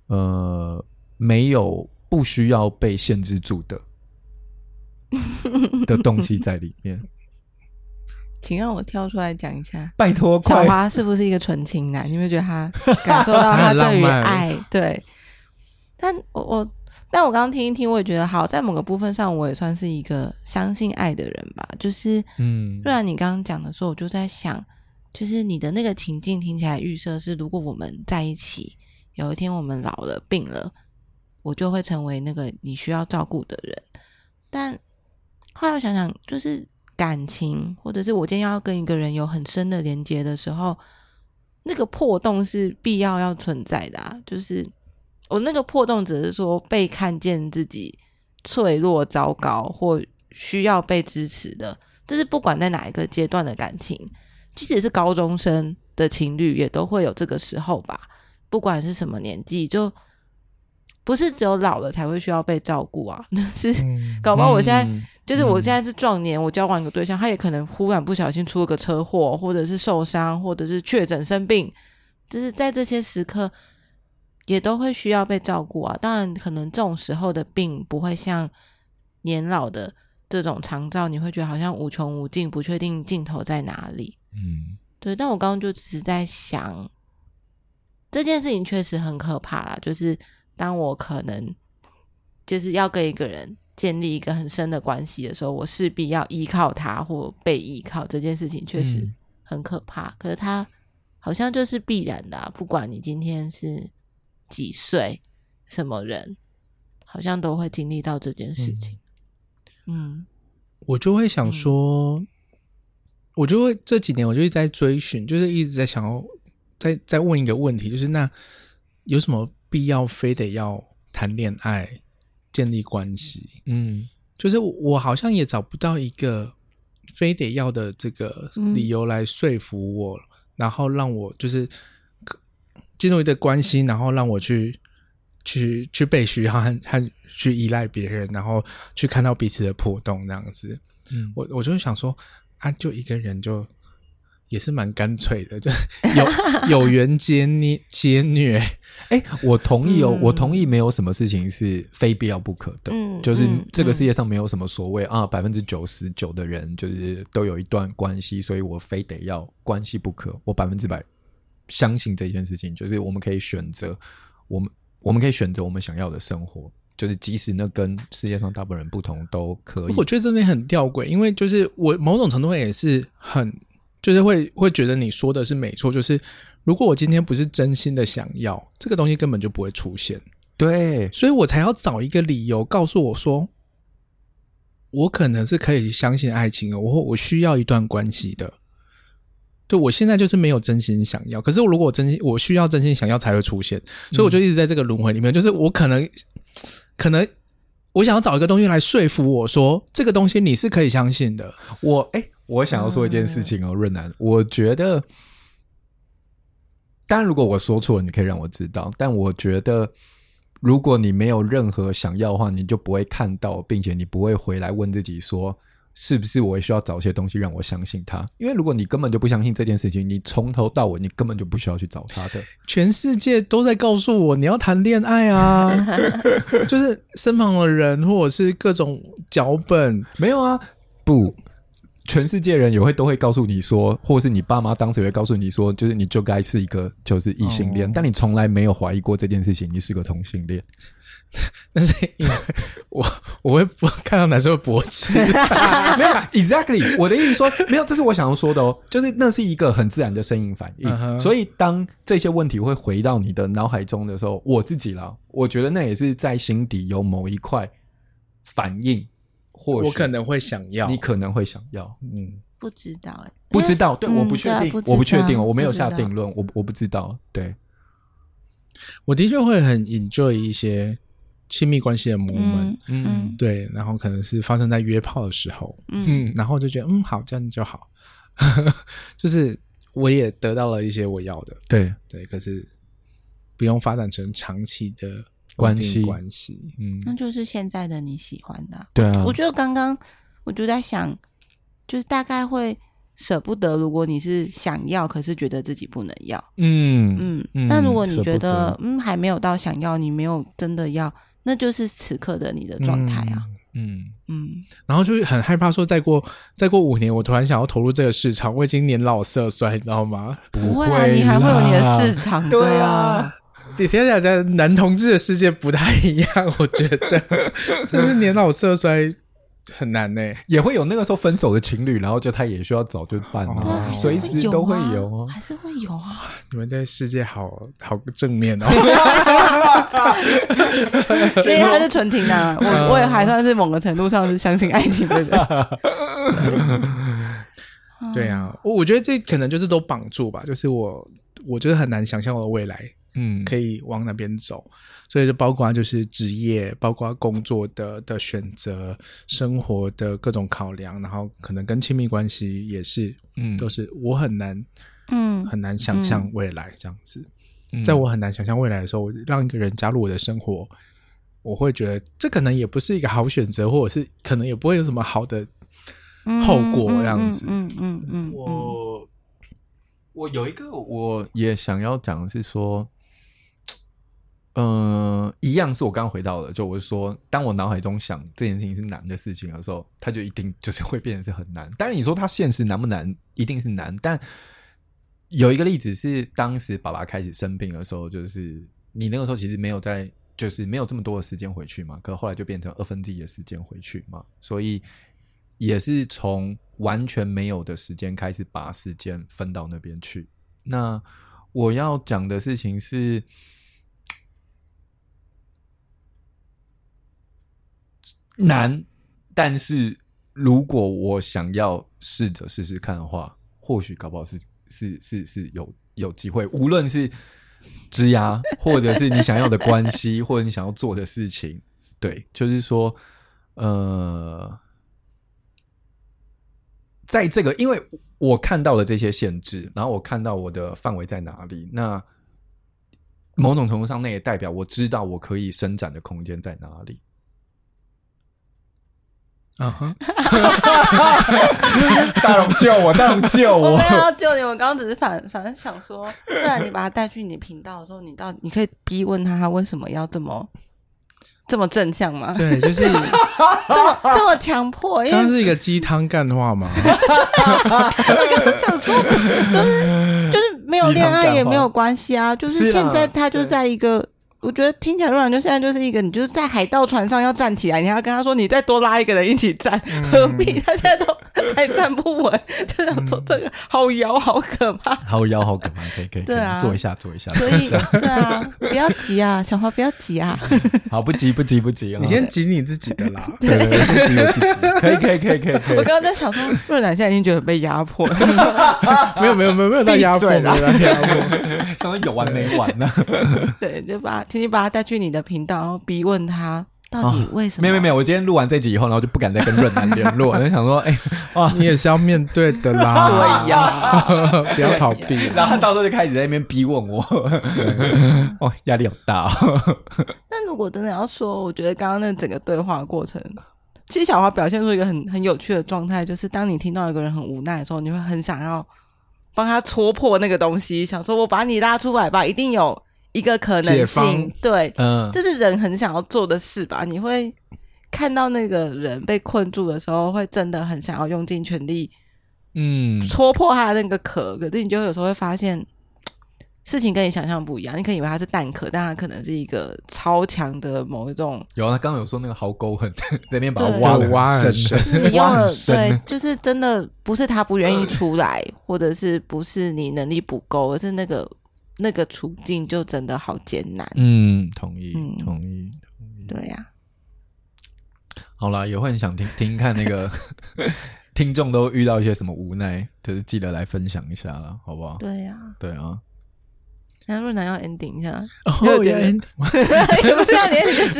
呃，沒有不需要被限制住的 的東西在裡面。請讓我挑出來講一下，拜托託，小花是不是一個純情男？你有沒有覺得他感受到他對於愛？ 對，但我我但我剛剛聽一聽，我也覺得好，在某個部分上，我也算是一個相信愛的人吧。就是，嗯，不然你剛剛講的時候，我就在想。就是你的那個情境聽起來預設是，如果我們在一起，有一天我們老了、病了，我就會成為那個你需要照顧的人。但後來我想想，就是感情或者是我今天要跟一個人有很深的連接的時候，那個破洞是必要要存在的啊。就是我那個破洞，只是說被看見自己脆弱、糟糕或需要被支持的，這是不管在哪一個階段的感情。即使是高中生的情侶，也都會有這個時候吧。不管是什麼年紀，就不是只有老了才會需要被照顧啊。就是，搞不好我現在、嗯、就是我現在是壯年，嗯、我交往一個對象，他也可能忽然不小心出了個車禍，或者是受傷，或者是確診生病，就是在這些時刻也都會需要被照顧啊。當然，可能這種時候的病不會像年老的。這種長照，你會覺得好像無窮無盡，不確定盡頭在哪裡。嗯，對。但我剛剛就只是在想，這件事情確實很可怕啦。就是當我可能就是要跟一個人建立一個很深的關係的時候，我勢必要依靠他或被依靠。這件事情確實很可怕，可是他好像就是必然的啊。不管你今天是幾歲、什麼人，好像都會經歷到這件事情。嗯，我就會想說，我就會這幾年我就一直在追尋，就是一直在想要再再問一個問題，就是那有什麼必要非得要談戀愛，建立關係？嗯，就是我好像也找不到一個非得要的這個理由來說服我，然後讓我就是進入一段關係，然後讓我去。去去被需要和和去依賴別人，然後去看到彼此的破洞，這樣子。嗯，我我就是想說，啊，就一個人就也是蠻乾脆的，就有有緣接你接虐。哎、 欸，我同意哦，嗯、我同意，沒有什麼事情是非必要不可的。嗯、就是這個世界上沒有什麼所謂、嗯、啊，百分之九十九的人就是都有一段關係，所以我非得要關係不可。我百分之百相信這件事情，就是我們可以選擇我們。我們可以選擇我們想要的生活，就是即使那跟世界上大部分人不同都可以。我覺得這邊很吊詭，因為就是我某種程度也是很，就是會會覺得你說的是沒錯，就是如果我今天不是真心的想要，這個東西根本就不會出現。對，所以我才要找一個理由告訴我說，我可能是可以相信愛情的，我我需要一段關係的。對我現在就是沒有真心想要，可是我如果我真心我需要真心想要才會出現，所以我就一直在這個輪迴裡面。嗯、就是我可能，可能我想要找一個東西來說服我說這個東西你是可以相信的。我哎、欸，我想要說一件事情哦，潤男、嗯，我覺得，當然如果我說錯了，你可以讓我知道。但我覺得，如果你沒有任何想要的話，你就不會看到，並且你不會回來問自己說。是不是我也需要找一些東西讓我相信他？因為如果你根本就不相信這件事情，你從頭到尾你根本就不需要去找他的。全世界都在告訴我你要談戀愛啊， 就是身旁的人或者是各種腳本。沒有啊。不，全世界人也會都會告訴你說，或是你爸媽當時也會告訴你說，就是你就該是一個就是異性戀。哦。但你從來沒有懷疑過這件事情，你是個同性戀。但是因為 我我會看到男生的脖子，沒有，exactly，我的意思說，沒有，這是我想要說的哦，就是那是一個很自然的聲音反應。Uh huh. 所以當這些問題會回到你的腦海中的時候，我自己了，我覺得那也是在心底有某一塊反應，或是我可能會想要，你可能會想要，嗯，不知道哎、欸，不知道，對，嗯、我不確定，嗯啊、不我不確定，我沒有下定論，我我不知道，對，我的確會很 enjoy 一些。親密關係的模樣，嗯，嗯，對，然後可能是發生在約炮的時候，嗯，嗯，然後就覺得嗯好，這樣就好， 就是我也得到了一些我要的，對對，可是不用發展成長期的關係，關係係，嗯，那就是現在的你喜歡的、啊，對啊，我覺得剛剛我就在想，就是大概會捨不得，如果你是想要，可是覺得自己不能要，嗯嗯，嗯嗯，那如果你覺得，得嗯還沒有到想要，你沒有真的要。那就是此刻的你的狀態啊，嗯嗯，嗯嗯然後就是很害怕說再過再過五年，我突然想要投入這個市場，我已經年老色衰，你知道嗎？不會，不會你還會有你的市場，對啊，姐姐倆在男同志的世界不太一樣，我覺得這 是年老色衰。 很難呢？欸，也會有那個時候分手的情侶，然後就他也需要找對伴哦，隨、哦、時都會有、啊，還是會有啊。你們的世界好好正面哦。 所以還是純情的，我、呃、我也還算是某個程度上是相信愛情的人。對啊，我，我覺得這可能就是都綁住吧，就是我我覺得很難想象我的未來，嗯，可以往那邊走。所以就包括就是職業，包括工作的的選擇，生活的各種考量，然後可能跟親密關係也是，嗯、都是我很難，很難想象未來這樣子。嗯嗯、在我很難想象未來的時候，我讓一個人加入我的生活，我會覺得這可能也不是一個好選擇，或者是可能也不會有什麼好的後果這樣子。嗯嗯嗯、我我有一個，我也想要講的是說。嗯，一樣是我剛回到的，就我說，當我腦海中想這件事情是難的事情的時候，它就一定就是會變成是很難。但你說它現實難不難，一定是難。但有一個例子是，當時爸爸開始生病的時候，就是你那個時候其實沒有在，就是沒有這麼多的時間回去嘛。可後來就變成二分之一的時間回去嘛，所以也是從完全沒有的時間開始把時間分到那邊去。那我要講的事情是。難，但是如果我想要試着試試看的話，或許搞不好是是是是有有機會。無論是枝芽，或者是你想要的關係， 或者你想要做的事情，對，就是說，呃，在這個，因為我看到了這些限制，然後我看到我的範圍在哪裡，那某種程度上，那也代表我知道我可以伸展的空間在哪裡。啊哈！Uh huh. 大龍救我，大龍救我！我沒有要救你，我剛剛只是反反正想說，不然你把他帶去你的頻道的時候，你到你可以逼問他，他為什麼要這麼這麼正向嗎？對，就是 這麼這麼強迫，像是一個雞湯幹的話嘛。 我剛剛想說，就是就是沒有戀愛也沒有關係啊，就是現在他就在一個。我覺得聽起來，潤男就現在就是一個，你就是在海盜船上要站起來，你還要跟他說，你再多拉一個人一起站，何必？他現在都還站不穩，就想說這個好搖，好可怕，好搖，好可怕，可以可以，可以，對啊，坐一下，坐一下，所以對啊，不要急啊，小花，不要急啊，好不急不急不急，不急不急啊、你先急你自己的啦，對對先急你自己，可以可以可以可以。我剛剛在想說，潤男現在已經覺得被壓迫、 啊啊沒有，沒有沒有沒有沒有在壓迫，沒有在壓迫，想說 有完沒完呢、啊？對，就把。請你把他帶去你的頻道，然後逼問他到底為什麼？啊、沒有沒有沒有，我今天錄完這集以後，然後就不敢再跟潤男聯絡。 我就想說，哎、欸，哇，你也是要面對的啦， 對呀、啊， 不要逃避。欸、然後到時候就開始在那邊逼問我，對， 哦，壓力好大、哦。但 如果真的要說，我覺得剛剛那整個對話的過程，其實小華表現出一個很很有趣的狀態，就是當你聽到一個人很無奈的時候，你會很想要幫他戳破那個東西，想說我把你拉出來吧，一定有。一個可能性，解方，對，嗯，這是人很想要做的事吧。你會看到那個人被困住的時候，會真的很想要用盡全力，嗯，戳破他那個殼。嗯、可是你就會有時候會發現，事情跟你想象不一樣。你可以以為他是蛋殼，但他可能是一個超強的某一種。有、啊，他剛剛有說那個壕溝很， 在那邊把它挖很深，挖很深，你用了，對，就是真的不是他不願意出來，嗯、或者是不是你能力不夠，而是那個。那個處境就真的好艱難。嗯，同意，同意，同意。對呀。好了，也會很想聽聽看那個聽眾都遇到一些什麼無奈，就是記得來分享一下了，好不好？對呀，對啊。那潤男要 ending 一下，哦也不要 ending，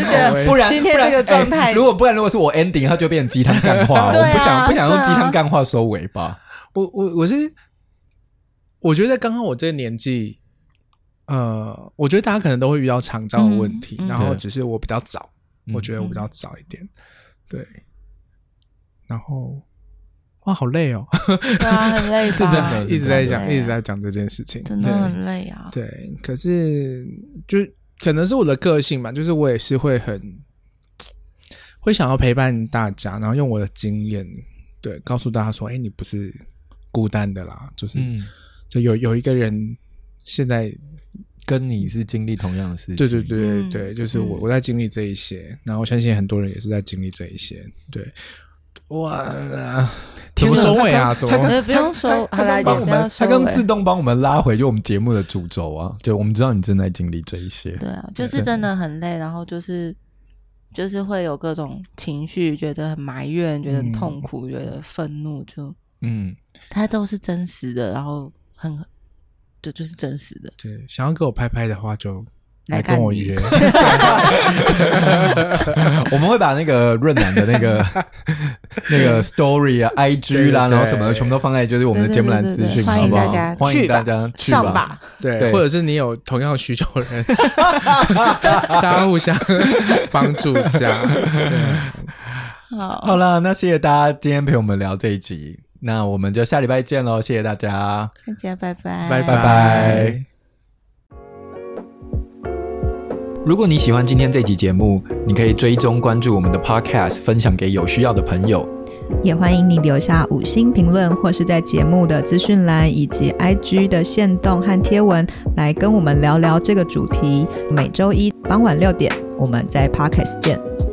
得，不然，不然這個狀態，如果不然，如果是我 ending，他就變成雞湯乾話，我不想，不想用雞湯乾話收尾吧。我，我，我是，我覺得剛剛我這個年紀。呃，我覺得大家可能都會遇到長照的問題，嗯嗯、然後只是我比較早，嗯、哼我覺得我比較早一點，嗯、哼對。然後，哇，好累哦！ 啊，很累、啊， 是對對對真的，啊，一直在講，一直在講這件事情，真的很累啊。對，對，可是就可能是我的個性吧，就是我也是會很會想要陪伴大家，然後用我的經驗，對，告訴大家說，哎，你不是孤單的啦，就是，嗯、就有有一個人現在。跟你是經歷同樣的事情，對對對對，就是我我在經歷這一些，然後我相信很多人也是在經歷這一些。對，哇，怎麼收尾啊？他根本不用收，他剛他剛自動幫我們拉回，就我們節目的主軸啊，就我們知道你正在經歷這一些。對啊，就是真的很累，然後就是就是會有各種情緒，覺得很埋怨，覺得很痛苦，覺得憤怒，就嗯，他都是真實的，然後很。這就是真實的。對，想要給我拍拍的話，就來跟我約。我們會把那個潤男的那個那個 story 啊、IG 啦，然後什麼的，全部都放在就是我們的節目欄資訊，好不好？歡迎大家，歡迎大家上吧。對，或者是你有同樣需求的人，大家互相幫助一下。好，好了，那謝謝大家今天陪我們聊這一集。那我們就下禮拜見嘍！謝謝大家，大家拜拜，拜拜。如果你喜歡今天這集節目，你可以追蹤關注我們的 Podcast，分享給有需要的朋友。也歡迎你留下五星評論，或是在節目的資訊欄以及 IG 的限動和貼文來跟我們聊聊這個主題。每周一傍晚六點，我們在 Podcast 見。